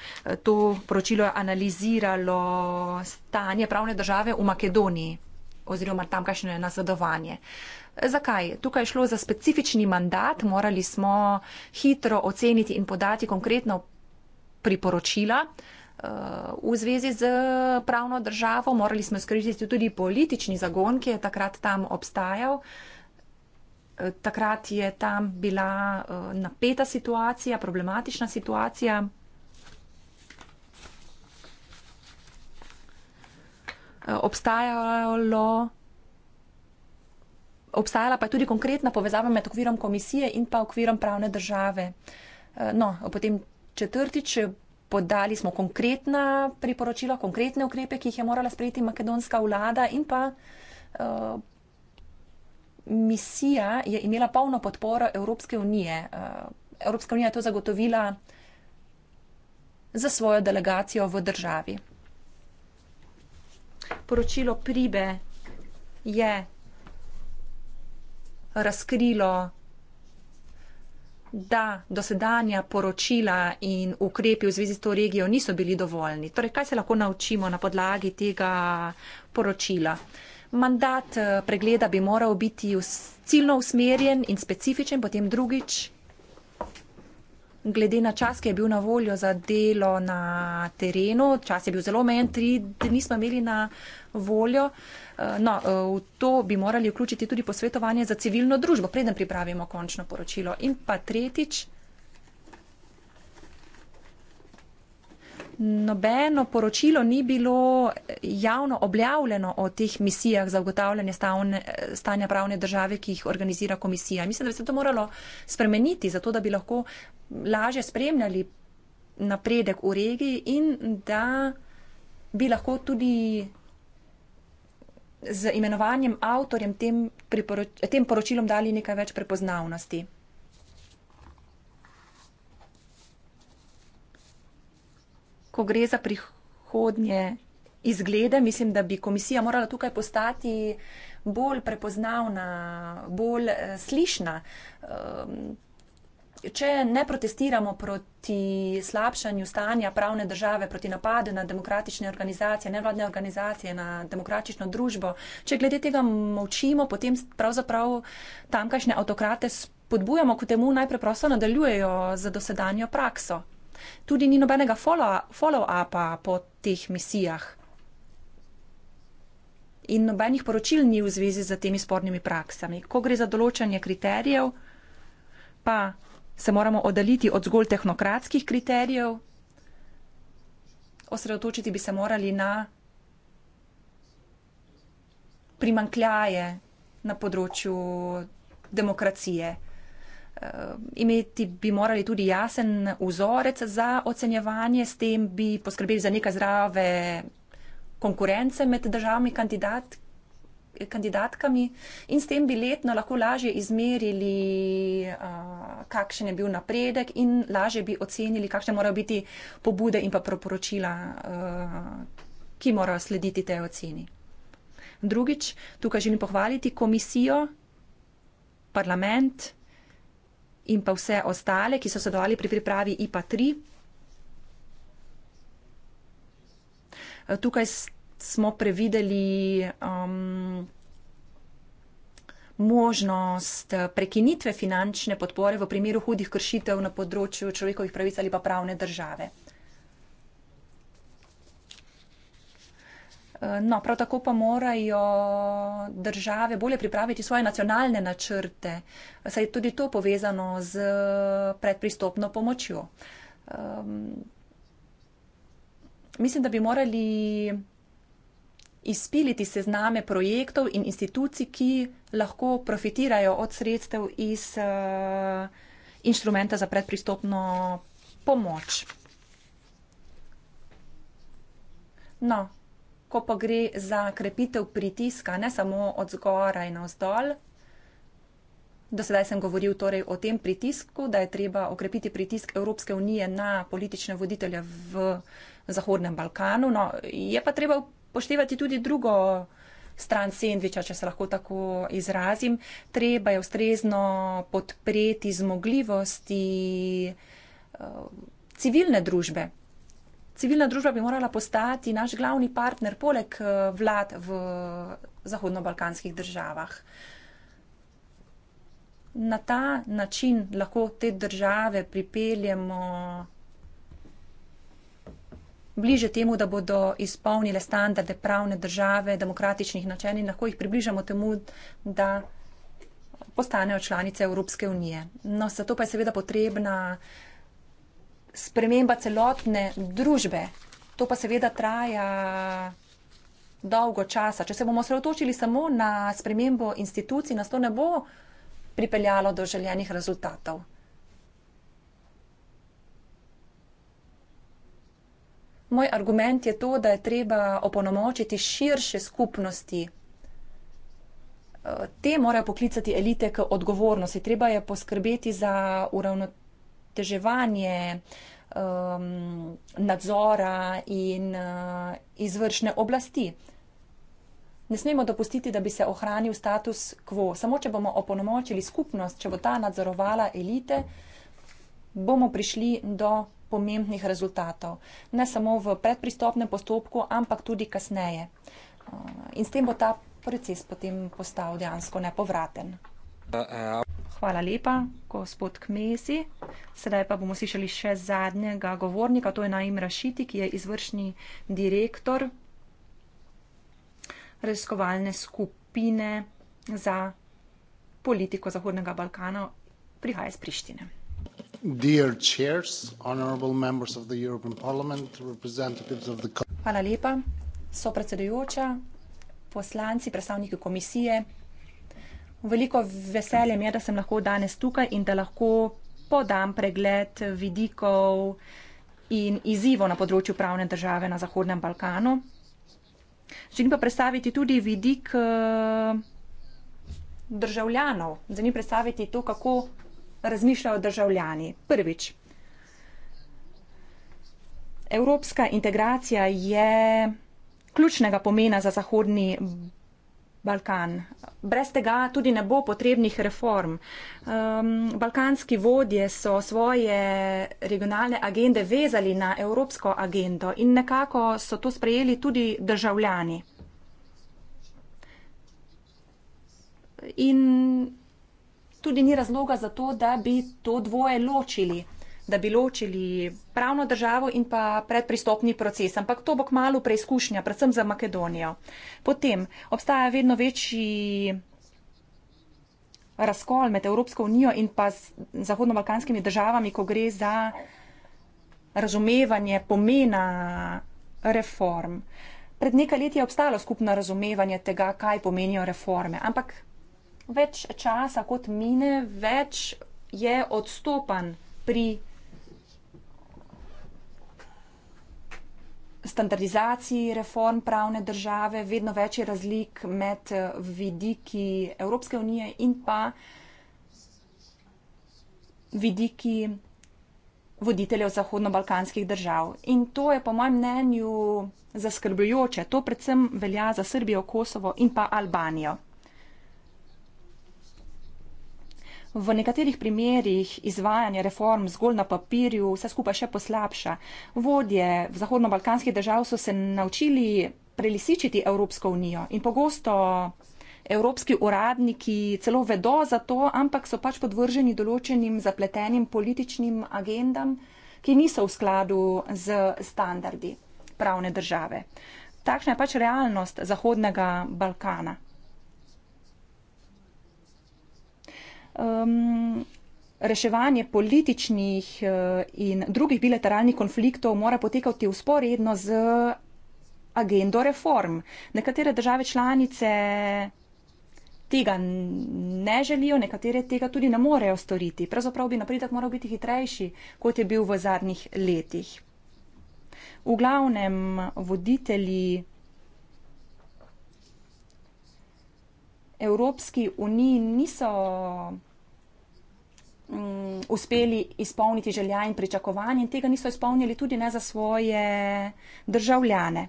To poročilo je analiziralo stanje pravne države v Makedoniji oziroma tamkajšnje nasledovanje. Zakaj? Tukaj je šlo za specifični mandat, morali smo hitro oceniti in podati konkretno priporočila v zvezi z pravno državo, morali smo skrižiti tudi politični zagon, ki je takrat tam obstajal takrat je tam bila eh, napeta situacija, problematična situacija. Eh, obstajalo, obstajala pa je tudi konkretna povezava med okvirom komisije in pa okvirom pravne države. Eh, no, potem četrtič podali smo konkretna priporočila, konkretne ukrepe, ki jih je morala sprejeti makedonska vlada in pa misija je imela polno podporo Evropske unije. Eh, Evropska unija je to zagotovila za svojo delegacijo v državi. Poročilo Pribe je razkrilo, da dosedanja poročila in ukrepi v zvezi s to regijo niso bili dovoljni. Torej, kaj se lahko naučimo na podlagi tega poročila? Uh, mandat eh, pregleda bi moral biti ciljno usmerjen in specifičen, potem drugič, glede na čas, ki je bil na voljo za delo na terenu, čas je bil zelo omejen, tri dni smo imeli na voljo. Eh, no, eh, v to bi morali vključiti tudi posvetovanje za civilno družbo, preden pripravimo končno poročilo. In pa tretjič, nobeno poročilo ni bilo javno objavljeno o teh misijah za ugotavljanje stavne, stanja pravne države, ki jih organizira komisija. Mislim, da bi se to moralo spremeniti, zato da bi lahko lažje spremljali napredek v regiji in da bi lahko tudi z imenovanjem avtorjem tem, tem poročilom dali nekaj več prepoznavnosti. ko gre za prihodnje izglede, mislim, da bi komisija morala tukaj postati bolj prepoznavna, bolj eh, slišna. Ehm, če ne protestiramo proti slabšanju stanja pravne države, proti napade na demokratične organizacije, nevladne organizacije, na demokratično družbo, če glede tega močimo, potem pravzaprav tamkajšnje avtokrate spodbujamo k temu najpreprosto nadaljujejo za dosedanjo prakso. Tudi ni nobenega follow-upa po teh misijah in nobenih poročil ni v zvezi z temi spornimi praksami. Ko gre za določanje kriterijev, pa se moramo oddaliti od zgolj tehnokratskih kriterijev, osredotočiti bi se morali na primankljaje na področju demokracije. Eh, imeti bi morali tudi jasen vzorec za ocenjevanje, s tem bi poskrbeli za neka zdrave konkurence med državami kandidat, kandidatkami in s tem bi letno lahko lažje izmerili, eh, kakšen je bil napredek in lažje bi ocenili, kakšne morajo biti pobude in pa proporočila, eh, ki morajo slediti tej oceni. Drugič, tukaj želim pohvaliti komisijo, parlament, in pa vse ostale, ki so sodelovali pri pripravi IPA 3. Eh, tukaj smo prevideli um, možnost eh, prekinitve finančne podpore v primeru hudih kršitev na področju človekovih pravic ali pa pravne države. No, prav tako pa morajo države bolje pripraviti svoje nacionalne načrte, saj je tudi to povezano z predpristopno pomočjo. Um, mislim, da bi morali izpiliti sezname projektov in institucij, ki lahko profitirajo od sredstev iz uh, inštrumenta za predpristopno pomoč. No, ko pa gre za krepitev pritiska, ne samo od zgoraj na vzdolj. Do sedaj sem govoril torej o tem pritisku, da je treba okrepiti pritisk Evropske unije na politične voditelje v Zahodnem Balkanu. No, je pa treba upoštevati tudi drugo stran sendviča, če se lahko tako izrazim. Treba je ustrezno podpreti zmogljivosti eh, civilne družbe, civilna družba bi morala postati naš glavni partner, poleg eh, vlad v zahodno-balkanskih državah. Na ta način lahko te države pripeljemo bliže temu, da bodo izpolnile standarde pravne države, demokratičnih načel in lahko jih približamo temu, da postanejo članice Evropske unije. No, zato pa je seveda potrebna uh, sprememba celotne družbe. To pa seveda traja dolgo časa. Če se bomo osredotočili samo na spremembo institucij, nas to ne bo pripeljalo do željenih rezultatov. Moj argument je to, da je treba opolnomočiti širše skupnosti. Te morajo poklicati elite k odgovornosti. Treba je poskrbeti za uravnotežen uteževanje um, nadzora in uh, izvršne oblasti. Ne smemo dopustiti, da bi se ohranil status quo. Samo, če bomo opolnomočili skupnost, če bo ta nadzorovala elite, bomo prišli do pomembnih rezultatov. Ne samo v predpristopnem postopku, ampak tudi kasneje. Uh, in s tem bo ta proces potem postal dejansko nepovraten. Uh, uh. Hvala lepa, gospod Kmesi. Sedaj pa bomo slišali še zadnjega govornika, to je Naim Rašiti, ki je izvršni direktor raziskovalne skupine za politiko Zahodnega Balkana. Prihaja iz Prištine. Dear chairs, honorable members of the European Parliament, representatives of the Hvala lepa, so predsedujoča, poslanci, predstavniki komisije, Veliko veselje mi je, da sem lahko danes tukaj in da lahko podam pregled vidikov in izzivov na področju pravne države na Zahodnem Balkanu. Želim pa predstaviti tudi vidik eh, državljanov. Želim predstaviti to, kako razmišljajo državljani. Prvič. Evropska integracija je ključnega pomena za Zahodni Balkan. Brez tega tudi ne bo potrebnih reform. Um, balkanski vodje so svoje regionalne agende vezali na evropsko agendo in nekako so to sprejeli tudi državljani. In tudi ni razloga za to, da bi to dvoje ločili da bi ločili pravno državo in pa predpristopni proces. Ampak to bo k malu preizkušnja, predvsem za Makedonijo. Potem obstaja vedno večji razkol med Evropsko unijo in pa zahodno-balkanskimi državami, ko gre za razumevanje pomena reform. Pred nekaj leti je obstalo skupno razumevanje tega, kaj pomenijo reforme, ampak več časa kot mine, več je odstopan pri standardizaciji reform pravne države, vedno več je razlik med eh, vidiki Evropske unije in pa vidiki voditeljev zahodno-balkanskih držav. In to je po mojem mnenju zaskrbljujoče. To predvsem velja za Srbijo, Kosovo in pa Albanijo. v nekaterih primerjih izvajanje reform zgolj na papirju vse skupaj še poslabša. Vodje zahodno-balkanskih držav so se naučili prelisičiti Evropsko unijo in pogosto evropski uradniki celo vedo za to, ampak so pač podvrženi določenim zapletenim političnim agendam, ki niso v skladu z standardi pravne države. Takšna je pač realnost Zahodnega Balkana. um, reševanje političnih uh, in drugih bilateralnih konfliktov mora potekati usporedno z agendo reform. Nekatere države članice tega ne želijo, nekatere tega tudi ne morejo storiti. Pravzaprav bi napredek moral biti hitrejši, kot je bil v zadnjih letih. V glavnem voditelji Evropski uniji niso Mm, uspeli izpolniti želja in pričakovanja, in tega niso izpolnili tudi ne za svoje državljane.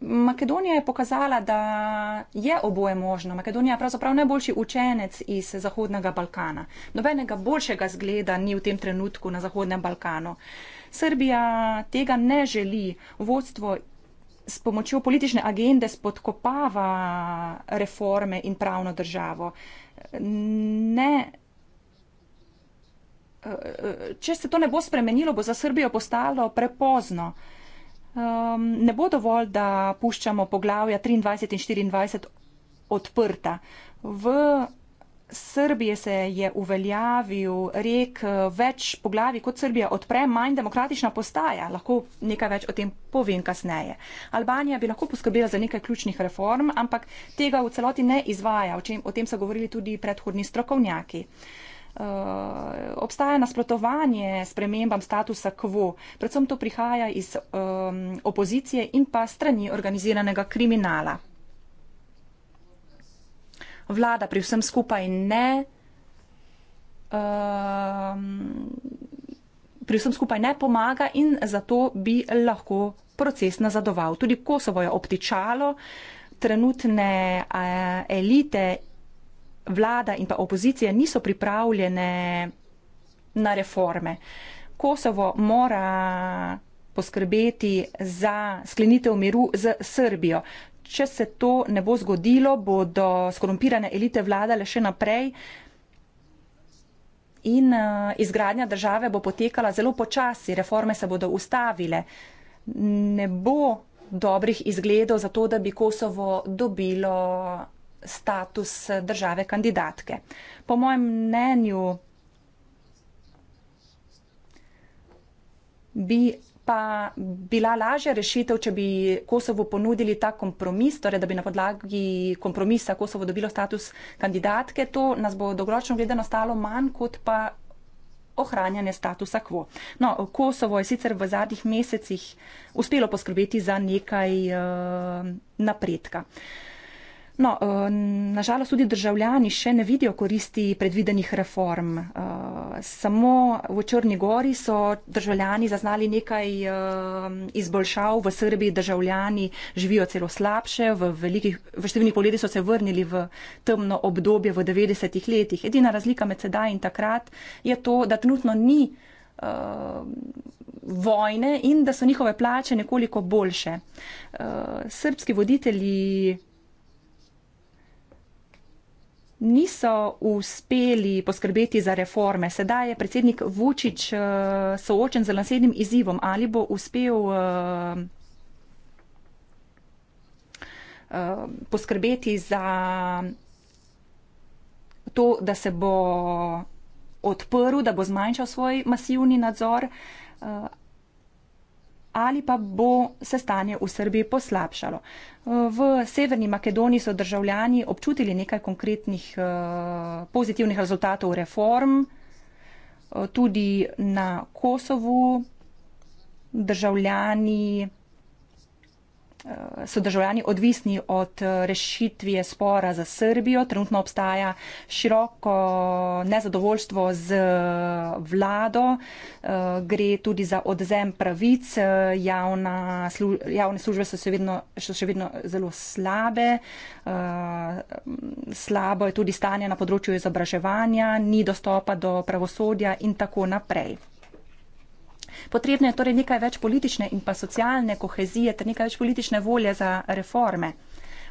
Makedonija je pokazala, da je oboje možno. Makedonija je pravzaprav najboljši učenec iz Zahodnega Balkana. Nobenega boljšega zgleda ni v tem trenutku na Zahodnem Balkanu. Srbija tega ne želi. Vodstvo s pomočjo politične agende spodkopava reforme in pravno državo. Uh, ne. Če se to ne bo spremenilo, bo za Srbijo postalo prepozno. Um, ne bo dovolj, da puščamo poglavja 23 in 24 odprta. V Srbije se je uveljavil rek eh, več poglavi kot Srbija odpre, manj demokratična postaja. Lahko nekaj več o tem povem kasneje. Albanija bi lahko poskrbela za nekaj ključnih reform, ampak tega v celoti ne izvaja, o, čem, o tem so govorili tudi predhodni strokovnjaki. Uh, obstaja nasprotovanje spremembam statusa quo. Predvsem to prihaja iz um, opozicije in pa strani organiziranega kriminala vlada pri vsem skupaj ne. Um, Pri vsem skupaj ne pomaga in zato bi lahko proces nazadoval. Tudi Kosovo je optičalo, trenutne elite, vlada in pa opozicija niso pripravljene na reforme. Kosovo mora poskrbeti za sklenitev miru z Srbijo če se to ne bo zgodilo, bodo skorumpirane elite vladale še naprej in eh, izgradnja države bo potekala zelo počasi, reforme se bodo ustavile. Ne bo dobrih izgledov za to, da bi Kosovo dobilo status države kandidatke. Po mojem mnenju bi pa bila lažja rešitev, če bi Kosovo ponudili ta kompromis, torej da bi na podlagi kompromisa Kosovo dobilo status kandidatke. To nas bo dolgoročno gledano stalo manj kot pa ohranjanje statusa quo. No, Kosovo je sicer v zadnjih mesecih uspelo poskrbeti za nekaj uh, napredka. Uh, No, eh, nažalost tudi državljani še ne vidijo koristi predvidenih reform. Eh, samo v Črni Gori so državljani zaznali nekaj eh, izboljšav, v Srbiji državljani živijo celo slabše, v, velikih, v številnih pogledih so se vrnili v temno obdobje v 90-ih letih. Edina razlika med sedaj in takrat je to, da trenutno ni vojne in da so njihove plače nekoliko boljše. Srbski voditelji niso uspeli poskrbeti za reforme. Sedaj je predsednik Vučić eh, soočen z naslednjim izzivom. Ali bo uspel eh, eh, poskrbeti za to, da se bo odprl, da bo zmanjšal svoj masivni nadzor? ali pa bo se stanje v Srbiji poslabšalo. V Severni Makedoniji so državljani občutili nekaj konkretnih eh, pozitivnih rezultatov reform, eh, tudi na Kosovu državljani so državljani odvisni od eh, rešitve spora za Srbijo. Trenutno obstaja široko nezadovoljstvo z eh, vlado, eh, gre tudi za odzem pravic, Javna, slu, javne službe so še, vedno, so še vedno zelo slabe, slabo je tudi stanje na področju izobraževanja, ni dostopa do pravosodja in tako naprej. Potrebno je torej nekaj več politične in pa socialne kohezije ter nekaj več politične volje za reforme.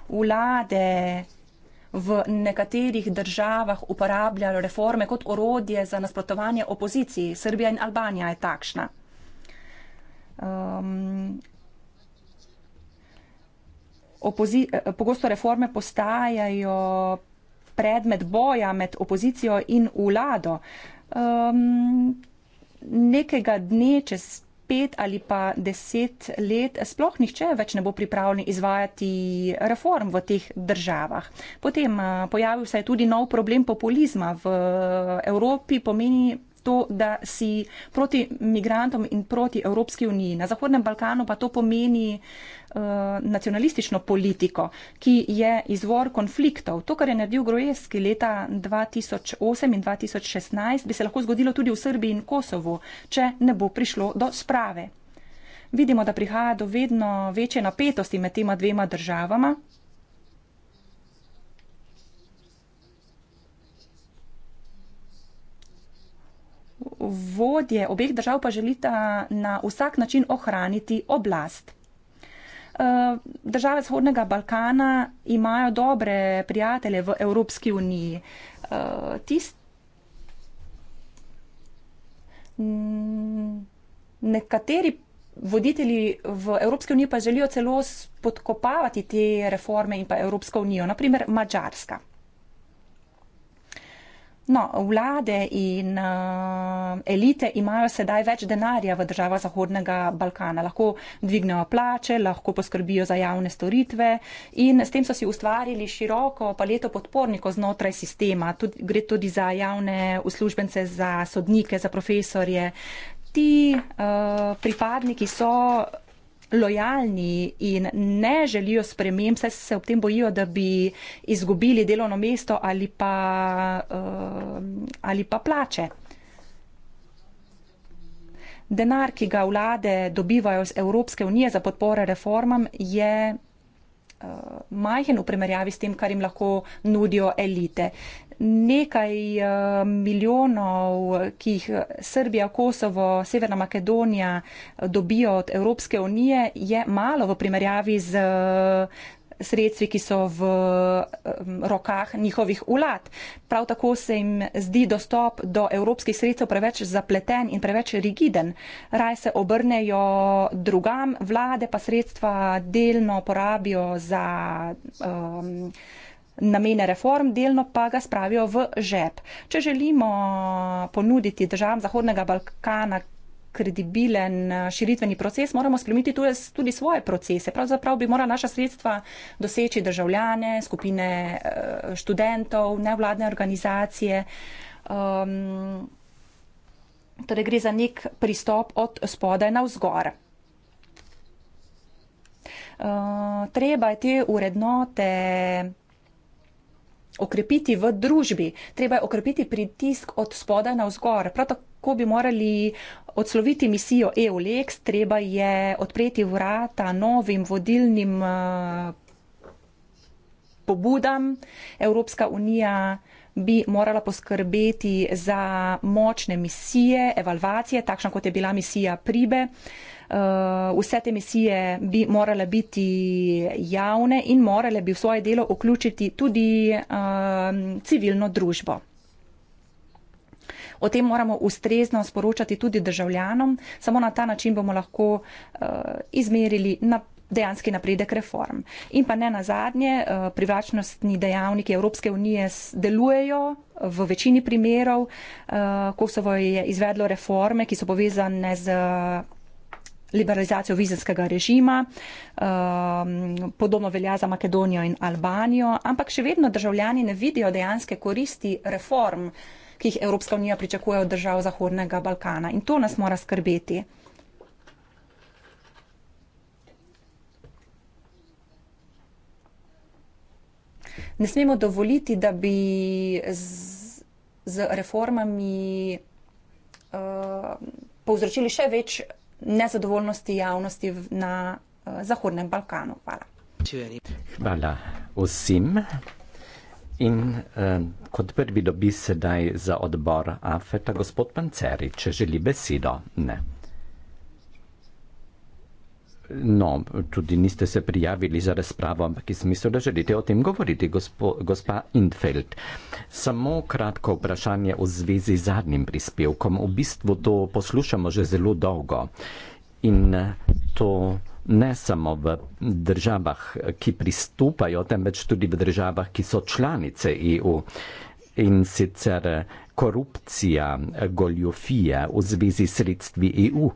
Vlade v nekaterih državah uporabljajo reforme kot orodje za nasprotovanje opoziciji. Srbija in Albanija je takšna. Um, opozi, eh, pogosto reforme postajajo predmet boja med opozicijo in vlado. Um, nekega dne čez pet ali pa deset let sploh nihče več ne bo pripravljen izvajati reform v teh državah. Potem eh, pojavil se je tudi nov problem populizma v Evropi, pomeni to, da si proti migrantom in proti Evropski uniji. Na Zahodnem Balkanu pa to pomeni uh, nacionalistično politiko, ki je izvor konfliktov. To, kar je naredil Grojevski leta 2008 in 2016, bi se lahko zgodilo tudi v Srbiji in Kosovu, če ne bo prišlo do sprave. Vidimo, da prihaja do vedno večje napetosti med tema dvema državama. vodje obeh držav pa želita na vsak način ohraniti oblast. Eh, države Vzhodnega Balkana imajo dobre prijatelje v Evropski uniji. Eh, tist... Nekateri voditelji v Evropski uniji pa želijo celo spodkopavati te reforme in pa Evropsko unijo, naprimer Mačarska. No, vlade in uh, elite imajo sedaj več denarja v država Zahodnega Balkana. Lahko dvignejo plače, lahko poskrbijo za javne storitve in s tem so si ustvarili široko paleto podpornikov znotraj sistema. Tud, gre tudi za javne uslužbence, za sodnike, za profesorje. Ti uh, pripadniki so lojalni in ne želijo sprememb, saj se ob tem bojijo, da bi izgubili delovno mesto ali pa, ehm, ali pa plače. Denar, ki ga vlade dobivajo z Evropske unije za podporo reformam, je eh, majhen v primerjavi s tem, kar jim lahko nudijo elite nekaj eh, milijonov, ki jih Srbija, Kosovo, Severna Makedonija eh, dobijo od Evropske unije, je malo v primerjavi z eh, sredstvi, ki so v rokah njihovih vlad. Prav tako se jim zdi dostop do evropskih sredstev preveč zapleten in preveč rigiden. Raj se obrnejo drugam, vlade pa sredstva delno porabijo za. Um, namene reform, delno pa ga spravijo v žep. Če želimo ponuditi državam Zahodnega Balkana kredibilen eh, širitveni proces, moramo spremiti tudi svoje procese. Pravzaprav bi morala naša sredstva doseči državljane, skupine eh, študentov, nevladne organizacije. Um, torej gre za nek pristop od spodaj na vzgor. Uh, treba je te urednote okrepiti v družbi, treba je okrepiti pritisk od spoda na vzgor. Prav tako bi morali odsloviti misijo EULEX, treba je odpreti vrata novim vodilnim eh, pobudam. Evropska unija bi morala poskrbeti za močne misije, evalvacije, takšna kot je bila misija Pribe. Eh, vse te misije bi morale biti javne in morale bi v svoje delo vključiti tudi eh, civilno družbo. O tem moramo ustrezno sporočati tudi državljanom, samo na ta način bomo lahko eh, izmerili napredek dejanski napredek reform. In pa ne na zadnje, privlačnostni dejavniki Evropske unije delujejo v večini primerov. Kosovo je izvedlo reforme, ki so povezane z liberalizacijo vizijskega režima, um, podobno velja za Makedonijo in Albanijo, ampak še vedno državljani ne vidijo dejanske koristi reform, ki jih Evropska unija pričakuje od držav Zahodnega Balkana. In to nas mora skrbeti. Ne smemo dovoliti, da bi z, z reformami uh, povzročili še več nezadovoljnosti javnosti na eh, Zahodnem Balkanu. Hvala. Hvala vsem. In eh, kot prvi dobi sedaj za odbor AFETA e gospod Panceri, če želi besedo. Ne. No, tudi niste se prijavili za razpravo, ampak jaz mislim, da želite o tem govoriti, gospo, gospa Infeld. Samo kratko vprašanje v zvezi z zadnjim prispevkom. V bistvu to poslušamo že zelo dolgo in to ne samo v državah, ki pristupajo, temveč tudi v državah, ki so članice EU. In sicer korupcija, goljofija v zvezi s sredstvi EU.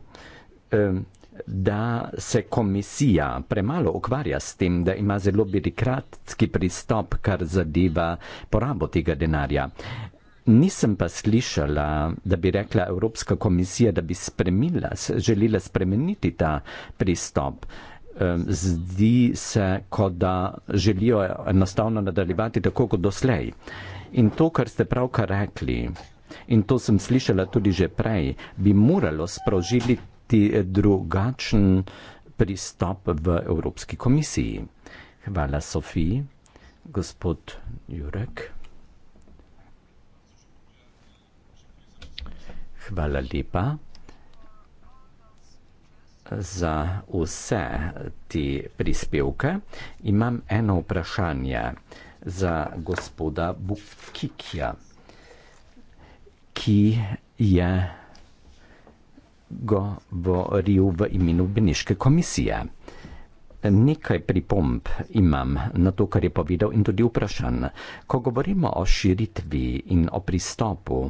Ehm, da se komisija premalo ukvarja s tem, da ima zelo birokratski pristop, kar zadeva porabo tega denarja. Nisem pa slišala, da bi rekla Evropska komisija, da bi spremila, želela spremeniti ta pristop. Zdi se, kot da želijo enostavno nadaljevati tako kot doslej. In to, kar ste pravkar rekli, in to sem slišala tudi že prej, bi moralo sprožiti imeti drugačen pristop v Evropski komisiji. Hvala, Sofiji. Gospod Jurek. Hvala lepa za vse te prispevke. Imam eno vprašanje za gospoda Bukikija, ki je govoril v imenu Beniške komisije. Nekaj pripomb imam na to, kar je povedal in tudi vprašan. Ko govorimo o širitvi in o pristopu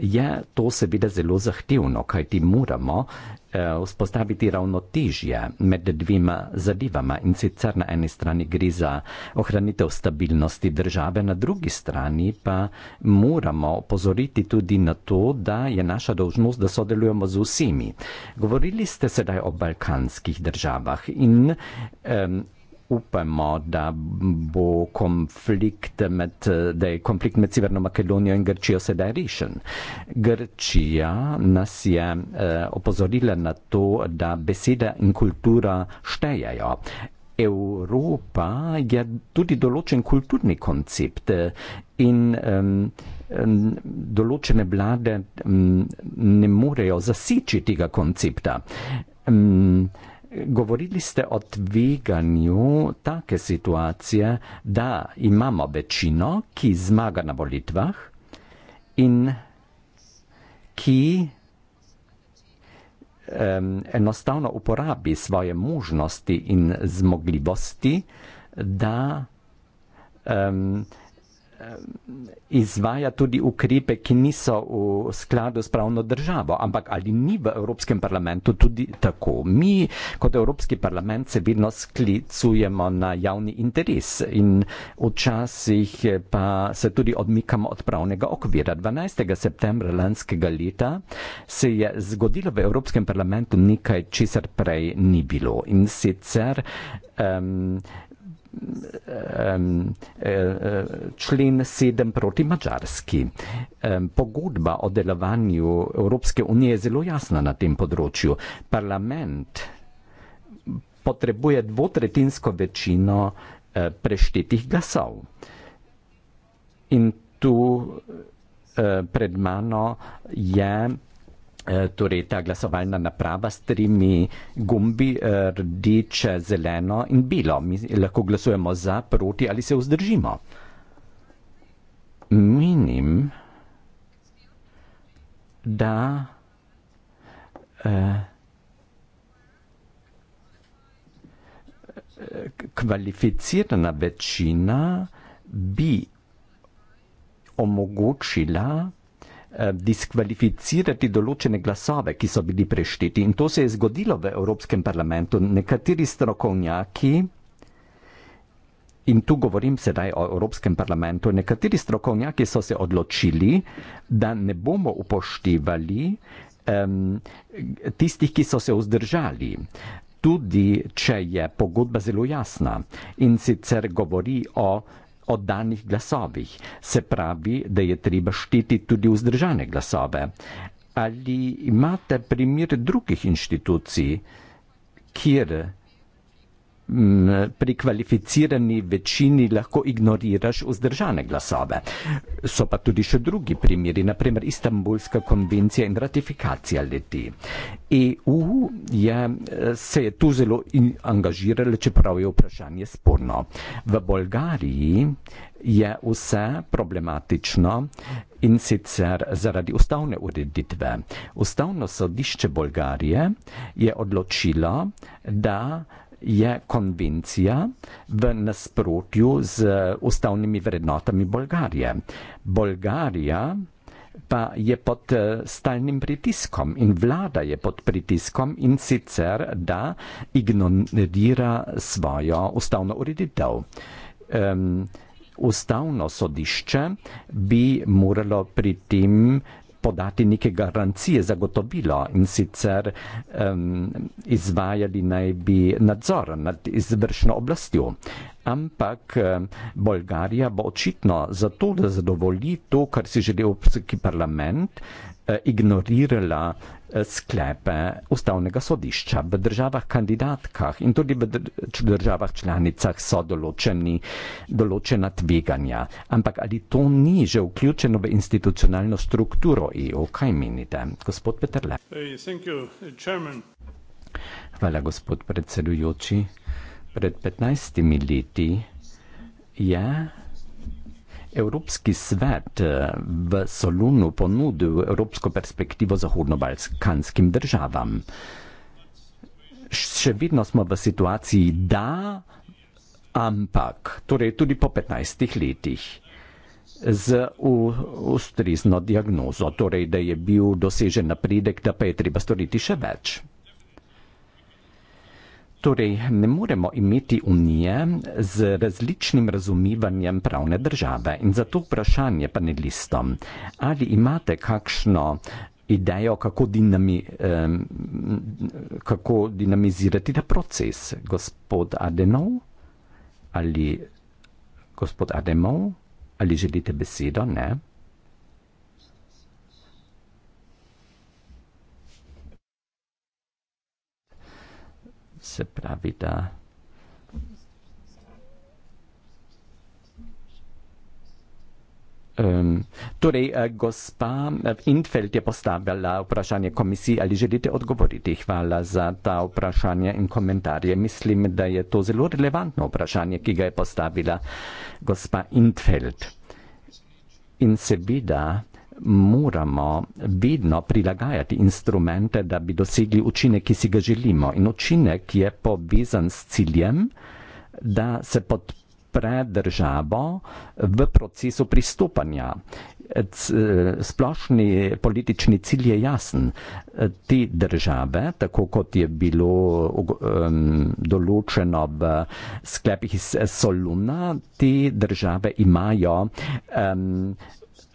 je to seveda zelo zahtevno, kajti moramo eh, vzpostaviti ravnotežje med dvima zadevama in sicer na eni strani gre za ohranitev stabilnosti države, na drugi strani pa moramo pozoriti tudi na to, da je naša dožnost, da sodelujemo z vsemi. Govorili ste sedaj o balkanskih državah in um, upamo, da bo konflikt med, da je konflikt med Severno Makedonijo in Grčijo sedaj rešen. Grčija nas je eh, opozorila na to, da beseda in kultura štejejo. Evropa je tudi določen kulturni koncept eh, in um, um, določene vlade um, ne morejo zasičiti tega koncepta. Um, govorili ste o tveganju take situacije, da imamo večino, ki zmaga na volitvah in ki um, enostavno uporabi svoje možnosti in zmogljivosti, da um, Eh, izvaja tudi ukrepe, ki niso v skladu s pravno državo, ampak ali ni v Evropskem parlamentu tudi tako. Mi kot Evropski parlament se vedno sklicujemo na javni interes in včasih eh, pa se tudi odmikamo od pravnega okvira. 12. septembra lanskega leta se je zgodilo v Evropskem parlamentu nekaj, česar prej ni bilo. In sicer um, um, člen 7 proti Mačarski. Um, pogodba o delovanju Evropske unije je zelo jasna na tem področju. Parlament potrebuje dvotretinsko večino uh, preštetih glasov. In tu uh, pred mano je Eh, torej ta glasovalna naprava s trimi gumbi, eh, rdeče, zeleno in bilo. Mi lahko glasujemo za, proti ali se vzdržimo. Menim, da. Eh, kvalificirana večina bi omogočila Eh, diskvalificirati določene glasove, ki so bili prešteti. In to se je zgodilo v Evropskem parlamentu. Nekateri strokovnjaki, in tu govorim sedaj o Evropskem parlamentu, nekateri strokovnjaki so se odločili, da ne bomo upoštevali um, tistih, ki so se vzdržali. Tudi, če je pogodba zelo jasna in sicer govori o oddanih glasovih, se pravi, da je treba štiti tudi vzdržane glasove. Ali imate primer drugih inštitucij, kjer pri kvalificirani večini lahko ignoriraš vzdržane glasove. So pa tudi še drugi primeri, naprimer Istanbulska konvencija in ratifikacija leti. EU je, se je tu zelo angažirala, čeprav je vprašanje sporno. V Bolgariji je vse problematično in sicer zaradi ustavne ureditve. Ustavno sodišče Bolgarije je odločilo, da je konvencija v nasprotju z ustavnimi vrednotami Bolgarije. Bolgarija pa je pod eh, stalnim pritiskom in vlada je pod pritiskom in sicer, da ignorira svojo ustavno ureditev. Um, ustavno sodišče bi moralo pri tem podati neke garancije, zagotovilo in sicer um, izvajali naj bi nadzor nad izvršno oblastjo. Ampak Bolgarija bo očitno zato, da zadovolji to, kar si želi Evropski parlament, eh, ignorirala sklepe ustavnega sodišča. V državah kandidatkah in tudi v državah članicah so določeni, določena tveganja. Ampak ali to ni že vključeno v institucionalno strukturo EU? Kaj menite, gospod Petrle? Hvala, gospod predsedujoči. Pred 15 leti je. Evropski svet eh, v Solunu ponudil evropsko perspektivo zahodno-balkanskim državam. Še vedno smo v situaciji, da, ampak, torej tudi po 15 letih, z ustrezno diagnozo, torej da je bil dosežen napredek, da pa je treba storiti še več. Torej, ne moremo imeti unije z različnim razumivanjem pravne države. In zato vprašanje panelistom, ali imate kakšno idejo, kako, dinami, eh, kako dinamizirati ta proces? Gospod Adenov ali gospod Ademov, ali želite besedo? Ne. se pravi, da. Um, torej, uh, gospa eh, Infeld je postavila vprašanje komisiji, ali želite odgovoriti. Hvala za ta vprašanja in komentarje. Mislim, da je to zelo relevantno vprašanje, ki ga je postavila gospa Infeld. In seveda, moramo vedno prilagajati instrumente, da bi dosegli učinek, ki si ga želimo. In učinek je povezan s ciljem, da se podpre državo v procesu pristopanja. Splošni politični cilj je jasen. Te države, tako kot je bilo um, določeno v sklepih iz Soluna, te države imajo um,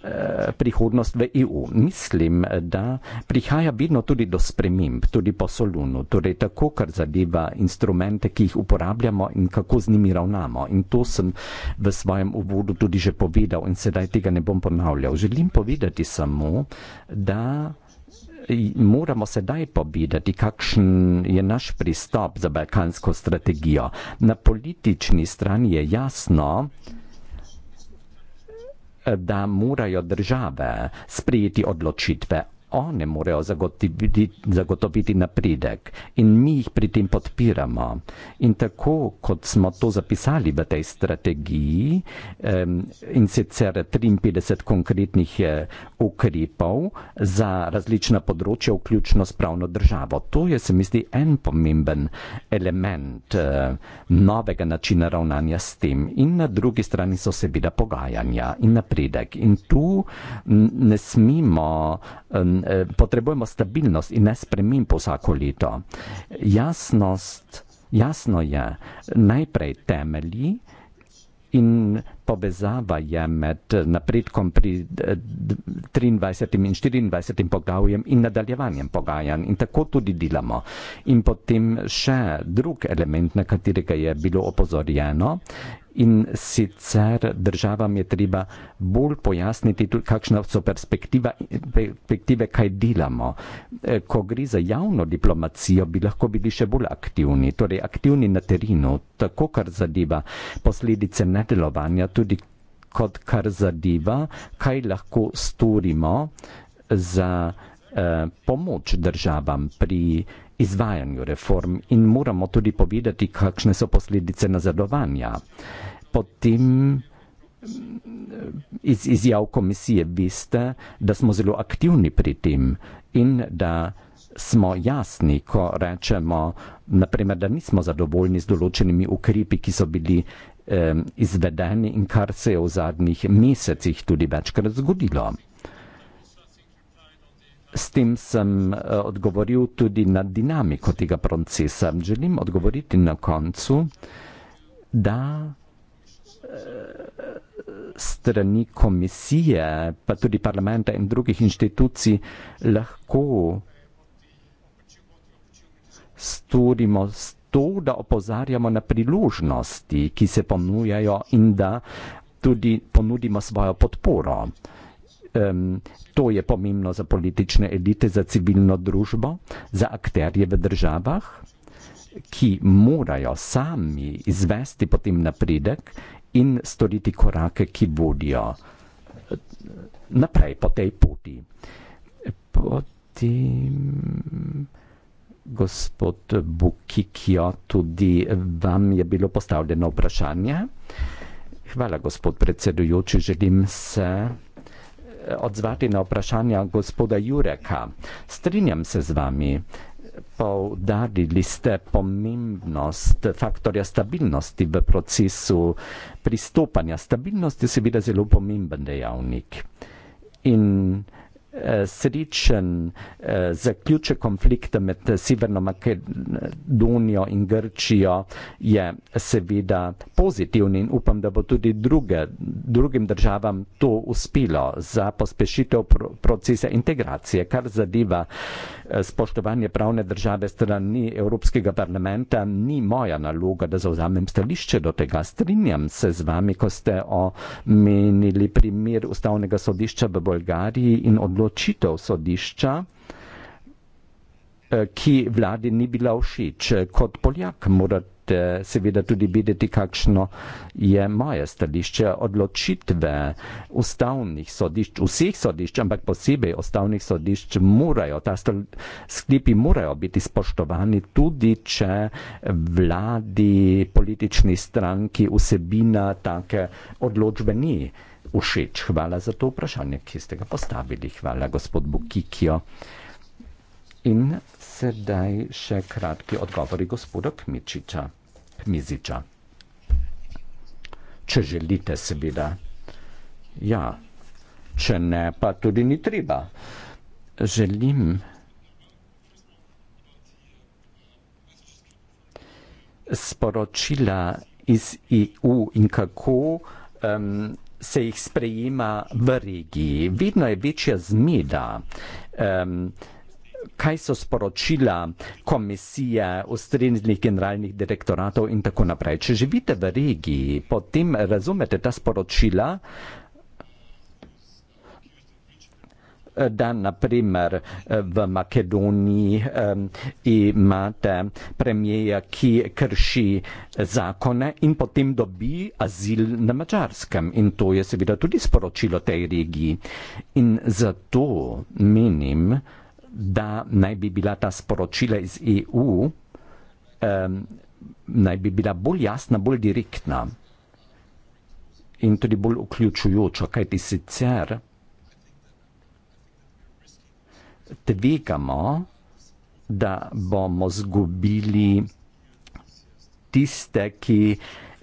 Eh, prihodnost v EU. Mislim, da prihaja vedno tudi do sprememb, tudi po Solunu, torej tako, kar zadeva instrumente, ki jih uporabljamo in kako z njimi ravnamo. In to sem v svojem uvodu tudi že povedal in sedaj tega ne bom ponavljal. Želim povedati samo, da moramo sedaj povedati, kakšen je naš pristop za balkansko strategijo. Na politični strani je jasno, da morajo države sprejeti odločitve one morajo zagotoviti, zagotoviti napredek in mi jih pri tem podpiramo. In tako, kot smo to zapisali v tej strategiji, in sicer 53 konkretnih eh, ukrepov za različna področja, vključno s pravno državo. To je, se mi zdi, en pomemben element eh, novega načina ravnanja s tem. In na drugi strani so seveda pogajanja in napredek. In tu ne smemo Eh, potrebujemo stabilnost in ne spremembo vsako leto. Jasnost, jasno je, najprej temelji in povezava je med napredkom pri 23. Eh, in 24. pogajanjem in nadaljevanjem pogajanj in tako tudi delamo. In potem še drug element, na katerega je bilo opozorjeno In sicer državam je treba bolj pojasniti, tudi, kakšna so perspektive, kaj delamo. E, ko gre za javno diplomacijo, bi lahko bili še bolj aktivni, torej aktivni na terenu, tako kar zadeva posledice nedelovanja, tudi kot kar zadeva, kaj lahko storimo za eh, pomoč državam pri izvajanju reform in moramo tudi povedati, kakšne so posledice nazadovanja. Potem mm, iz izjav komisije veste, da smo zelo aktivni pri tem in da smo jasni, ko rečemo, naprimer, da nismo zadovoljni z določenimi ukrepi, ki so bili eh, izvedeni in kar se je v zadnjih mesecih tudi večkrat zgodilo. S tem sem eh, odgovoril tudi na dinamiko tega procesa. Želim odgovoriti na koncu, da eh, strani komisije, pa tudi parlamenta in drugih inštitucij lahko storimo s to, da opozarjamo na priložnosti, ki se ponujajo in da tudi ponudimo svojo podporo um, to je pomembno za politične elite, za civilno družbo, za akterje v državah, ki morajo sami izvesti potem napredek in storiti korake, ki vodijo eh, naprej po tej poti. Potem gospod Bukikijo, tudi vam je bilo postavljeno vprašanje. Hvala, gospod predsedujoči, želim se odzvati na vprašanja gospoda Jureka. Strinjam se z vami, poudarili ste pomembnost faktorja stabilnosti v procesu pristopanja. Stabilnost je seveda zelo pomemben dejavnik. In srečen eh, zaključek konflikta med Severno Makedonijo in Grčijo je seveda pozitivni in upam, da bo tudi druge, drugim državam to uspelo za pospešitev pro procesa integracije, kar zadeva uh, spoštovanje pravne države strani Evropskega parlamenta ni moja naloga, da zauzamem stališče do tega. Strinjam se z vami, ko ste omenili primer Ustavnega sodišča v Bolgariji in odločitev sodišča eh, ki vladi ni bila všeč. Kot poljak morate morate seveda tudi videti, kakšno je moje stališče odločitve ustavnih sodišč, vseh sodišč, ampak posebej ustavnih sodišč morajo, ta sklipi morajo biti spoštovani, tudi če vladi, politični stranki vsebina take odločbe ni všeč. Hvala za to vprašanje, ki ste ga postavili. Hvala, gospod Bukikijo. In sedaj še kratki odgovori gospoda Kmičiča. Miziča. Če želite, seveda. Ja, če ne, pa tudi ni treba. Želim. Sporočila iz EU in kako um, se jih sprejema v regiji. Vedno je večja zmeda. Um, kaj so sporočila komisije, ustreznih generalnih direktoratov in tako naprej. Če živite v regiji, potem razumete ta sporočila, da naprimer v Makedoniji imate premijeja, ki krši zakone in potem dobi azil na Mačarskem. In to je seveda tudi sporočilo tej regiji. In zato menim, da da naj bi bila ta sporočila iz EU, um, naj bi bila bolj jasna, bolj direktna in tudi bolj vključujoča, kajti sicer tvegamo, da bomo zgubili tiste, ki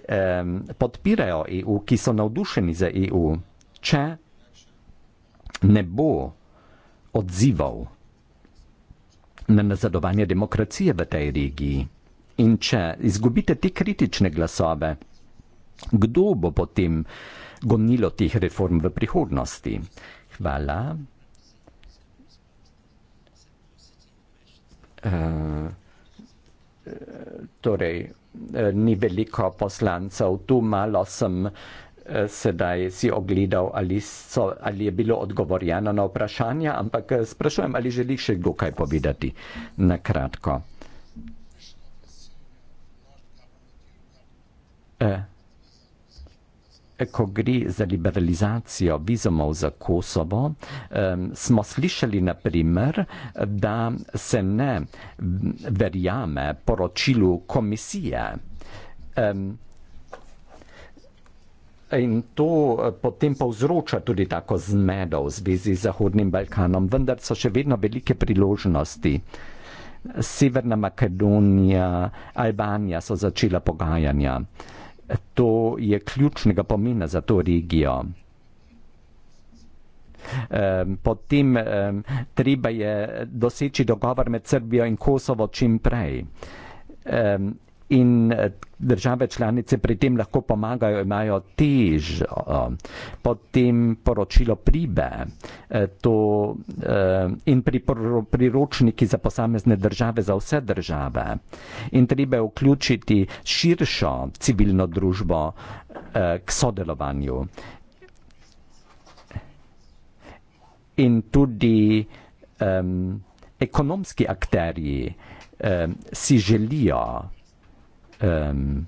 um, podpirajo EU, ki so navdušeni za EU, če ne bo odzival na nazadovanje demokracije v tej regiji. In če izgubite te kritične glasove, kdo bo potem gonilo teh reform v prihodnosti? Hvala. Uh, torej, eh, ni veliko poslancev, tu malo sem. Eh, sedaj si ogledal, ali, so, ali je bilo odgovorjeno na vprašanje, ampak eh, sprašujem, ali želi še kdo kaj povedati na kratko. Eh, ko gre za liberalizacijo vizumov za Kosovo, smo slišali naprimer, da se ne verjame poročilu komisije. In to eh, potem povzroča tudi tako zmedo v zvezi z Zahodnim Balkanom, vendar so še vedno velike priložnosti. Severna Makedonija, Albanija so začela pogajanja. To je ključnega pomena za to regijo. Potem treba je doseči dogovor med Srbijo in Kosovo čim prej in eh, države članice pri tem lahko pomagajo, imajo težo. Eh, Potem poročilo pribe eh, to, in priročniki za posamezne države, za vse države. In treba je vključiti širšo civilno družbo k sodelovanju. In tudi um, ekonomski akterji um, si želijo, um,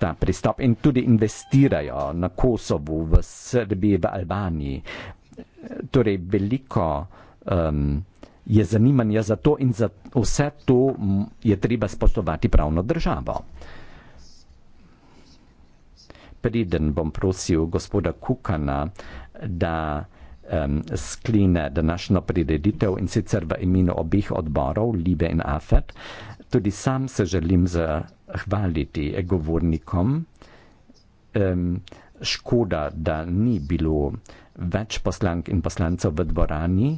ta pristop in tudi investirajo na Kosovu, v Srbiji, v Albaniji. Torej, veliko um, je zanimanja za to in za vse to je treba spoštovati pravno državo. Preden bom prosil gospoda Kukana, da um, sklene današnjo prireditev in sicer v imenu obih odborov, Libe in Afet, Tudi sam se želim zahvaliti govornikom. Um, škoda, da ni bilo več poslank in poslancev v dvorani,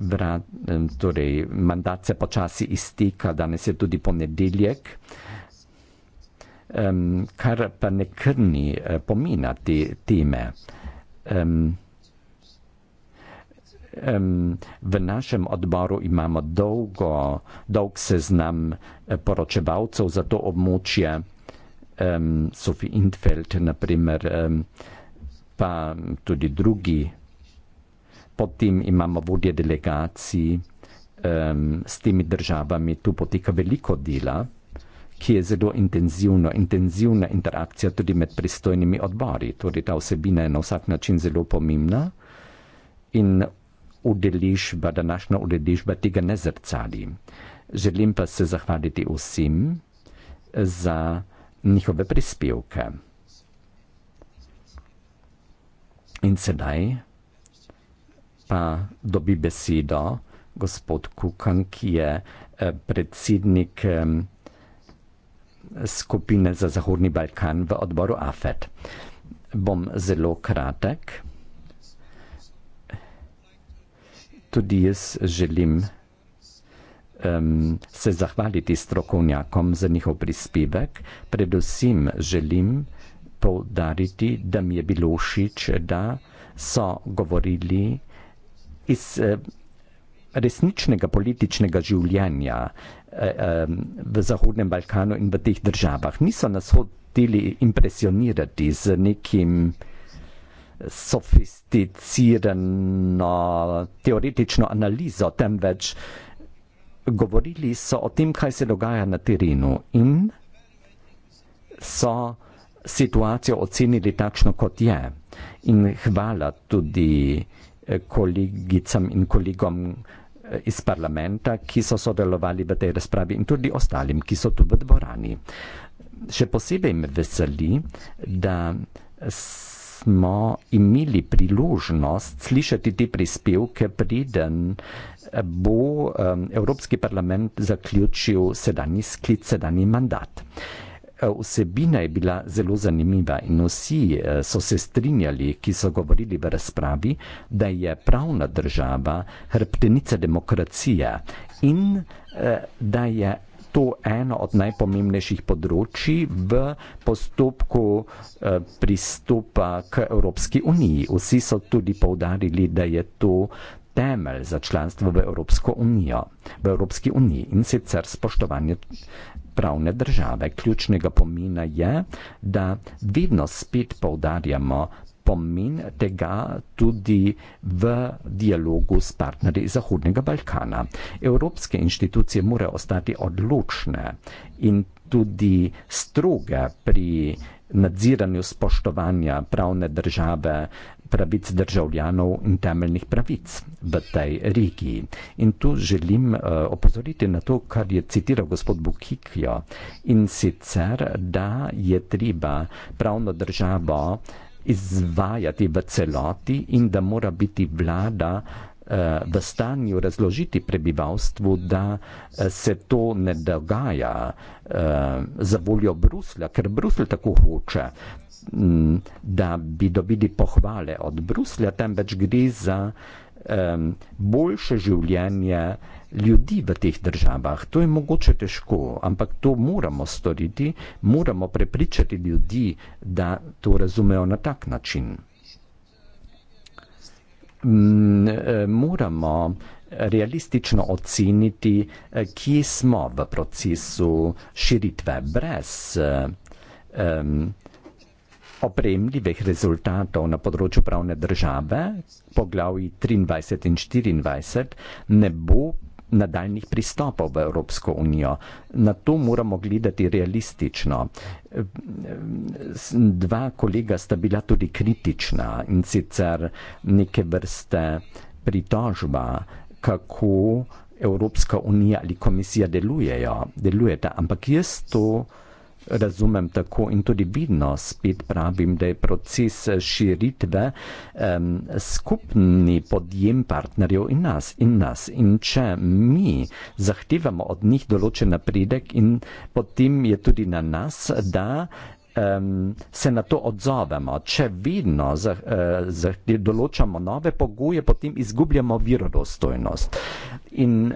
Vra, um, torej mandat se počasi izteka, danes je tudi ponedeljek, um, kar pa ne krni uh, eh, pomina te teme. Um, v našem odboru imamo dolgo, dolg seznam eh, poročevalcev za to območje, um, Sofi Intfeld, naprimer, um, pa tudi drugi. Potem imamo vodje delegacij um, s temi državami, tu poteka veliko dela, ki je zelo intenzivno, intenzivna interakcija tudi med pristojnimi odbori, torej ta osebina je na vsak način zelo pomembna. In udeležba, današnja udeležba tega ne zrcali. Želim pa se zahvaliti vsem za njihove prispevke. In sedaj pa dobi besedo gospod Kukan, ki je eh, predsednik skupine za Zahodni Balkan v odboru AFED. Bom zelo kratek. tudi jaz želim um, se zahvaliti strokovnjakom za njihov prispevek. Predvsem želim povdariti, da mi je bilo všeč, da so govorili iz uh, resničnega političnega življenja uh, um, v Zahodnem Balkanu in v teh državah. Niso nas hoteli impresionirati z nekim sofisticirano teoretično analizo, temveč govorili so o tem, kaj se dogaja na terenu in so situacijo ocenili takšno, kot je. In hvala tudi eh, kolegicam in kolegom eh, iz parlamenta, ki so sodelovali v tej razpravi in tudi ostalim, ki so tu v dvorani. Še posebej me veseli, da se smo imeli priložnost slišati te prispevke, preden bo um, Evropski parlament zaključil sedanji sklic, sedanji mandat. E, vsebina je bila zelo zanimiva in vsi e, so se strinjali, ki so govorili v razpravi, da je pravna država hrbtenica demokracije in e, da je to eno od najpomembnejših področji v postopku eh, pristopa k Evropski uniji. Vsi so tudi povdarili, da je to temelj za članstvo v, unijo, v Evropski uniji in sicer spoštovanje pravne države. Ključnega pomena je, da vedno spet povdarjamo pomen tega tudi v dialogu s partnerji Zahodnega Balkana. Evropske inštitucije morajo ostati odločne in tudi stroge pri nadziranju spoštovanja pravne države, pravic državljanov in temeljnih pravic v tej regiji. In tu želim eh, opozoriti na to, kar je citiral gospod Bukikjo in sicer, da je treba pravno državo izvajati v celoti in da mora biti vlada eh, v stanju razložiti prebivalstvu, da eh, se to ne dogaja eh, za voljo Bruslja, ker Bruslj tako hoče, m, mm, da bi dobili pohvale od Bruslja, temveč gre za eh, boljše življenje ljudi v teh državah. To je mogoče težko, ampak to moramo storiti, moramo prepričati ljudi, da to razumejo na tak način. Mm, eh, moramo realistično oceniti, eh, kje smo v procesu širitve brez um, opremljivih rezultatov na področju pravne države, poglavji 23 in 24, ne bo nadaljnih pristopov v Evropsko unijo. Na to moramo gledati realistično. Dva kolega sta bila tudi kritična in sicer neke vrste pritožba, kako Evropska unija ali komisija delujejo, delujeta, ampak jaz to razumem tako in tudi vidno, spet pravim, da je proces širitve um, skupni podjem partnerjev in nas, in nas. In če mi zahtevamo od njih določen napredek in potem je tudi na nas, da um, se na to odzovemo. Če vedno zah, eh, uh, določamo nove pogoje, potem izgubljamo verodostojnost. In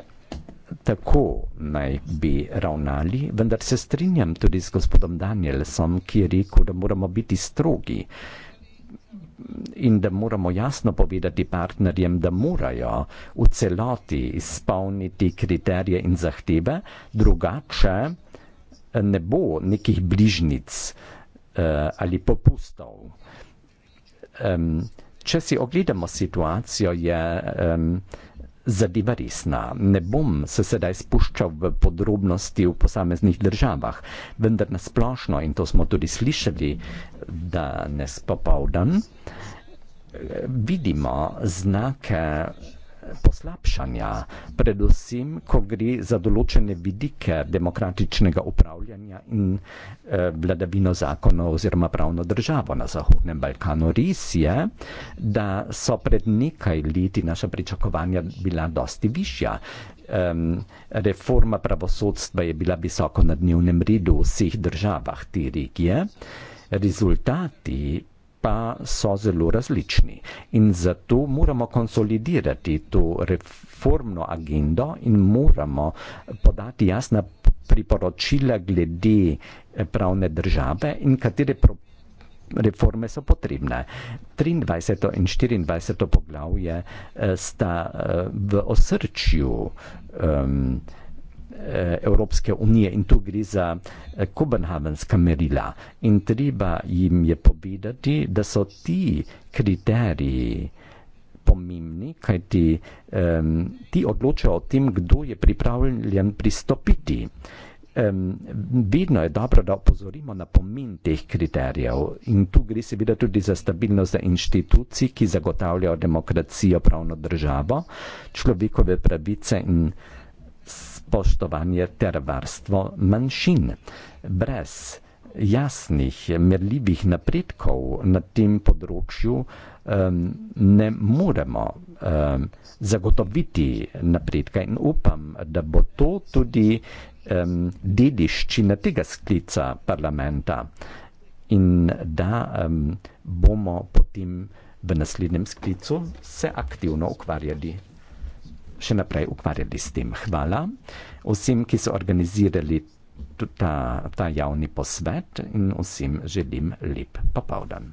tako naj bi ravnali, vendar se strinjam tudi z gospodom Danielsom, ki je rekel, da moramo biti strogi in da moramo jasno povedati partnerjem, da morajo v celoti izpolniti kriterije in zahteve, drugače ne bo nekih bližnic uh, eh, ali popustov. Um, če si ogledamo situacijo, je um, zadeva resna. Ne bom se sedaj spuščal v podrobnosti v posameznih državah, vendar na splošno, in to smo tudi slišali danes popovdan, vidimo znake poslabšanja, predvsem, ko gre za določene vidike demokratičnega upravljanja in eh, vladavino zakona oziroma pravno državo na Zahodnem Balkanu. Res je, da so pred nekaj leti naša pričakovanja bila dosti višja. Reforma pravosodstva je bila visoko na dnevnem redu v vseh državah te regije. Rezultati pa so zelo različni. In zato moramo konsolidirati to reformno agendo in moramo podati jasna priporočila glede eh, pravne države in katere reforme so potrebne. 23. in 24. poglavje eh, sta eh, v osrčju. Um, Eh, Evropske unije in tu gre za eh, kopenhagenska merila. In treba jim je povedati, da so ti kriteriji pomembni, kajti um, ti odločajo o tem, kdo je pripravljen pristopiti. Um, vedno je dobro, da opozorimo na pomen teh kriterijev in tu gre seveda tudi za stabilnost za inštitucij, ki zagotavljajo demokracijo, pravno državo, človekove pravice in spoštovanje ter varstvo manjšin. Brez jasnih, merljivih napredkov na tem področju ne moremo zagotoviti napredka in upam, da bo to tudi dediščina tega sklica parlamenta in da bomo potem v naslednjem sklicu se aktivno ukvarjali še naprej ukvarjali s tem. Hvala vsem, ki so organizirali ta, ta javni posvet in vsem želim lep popoldan.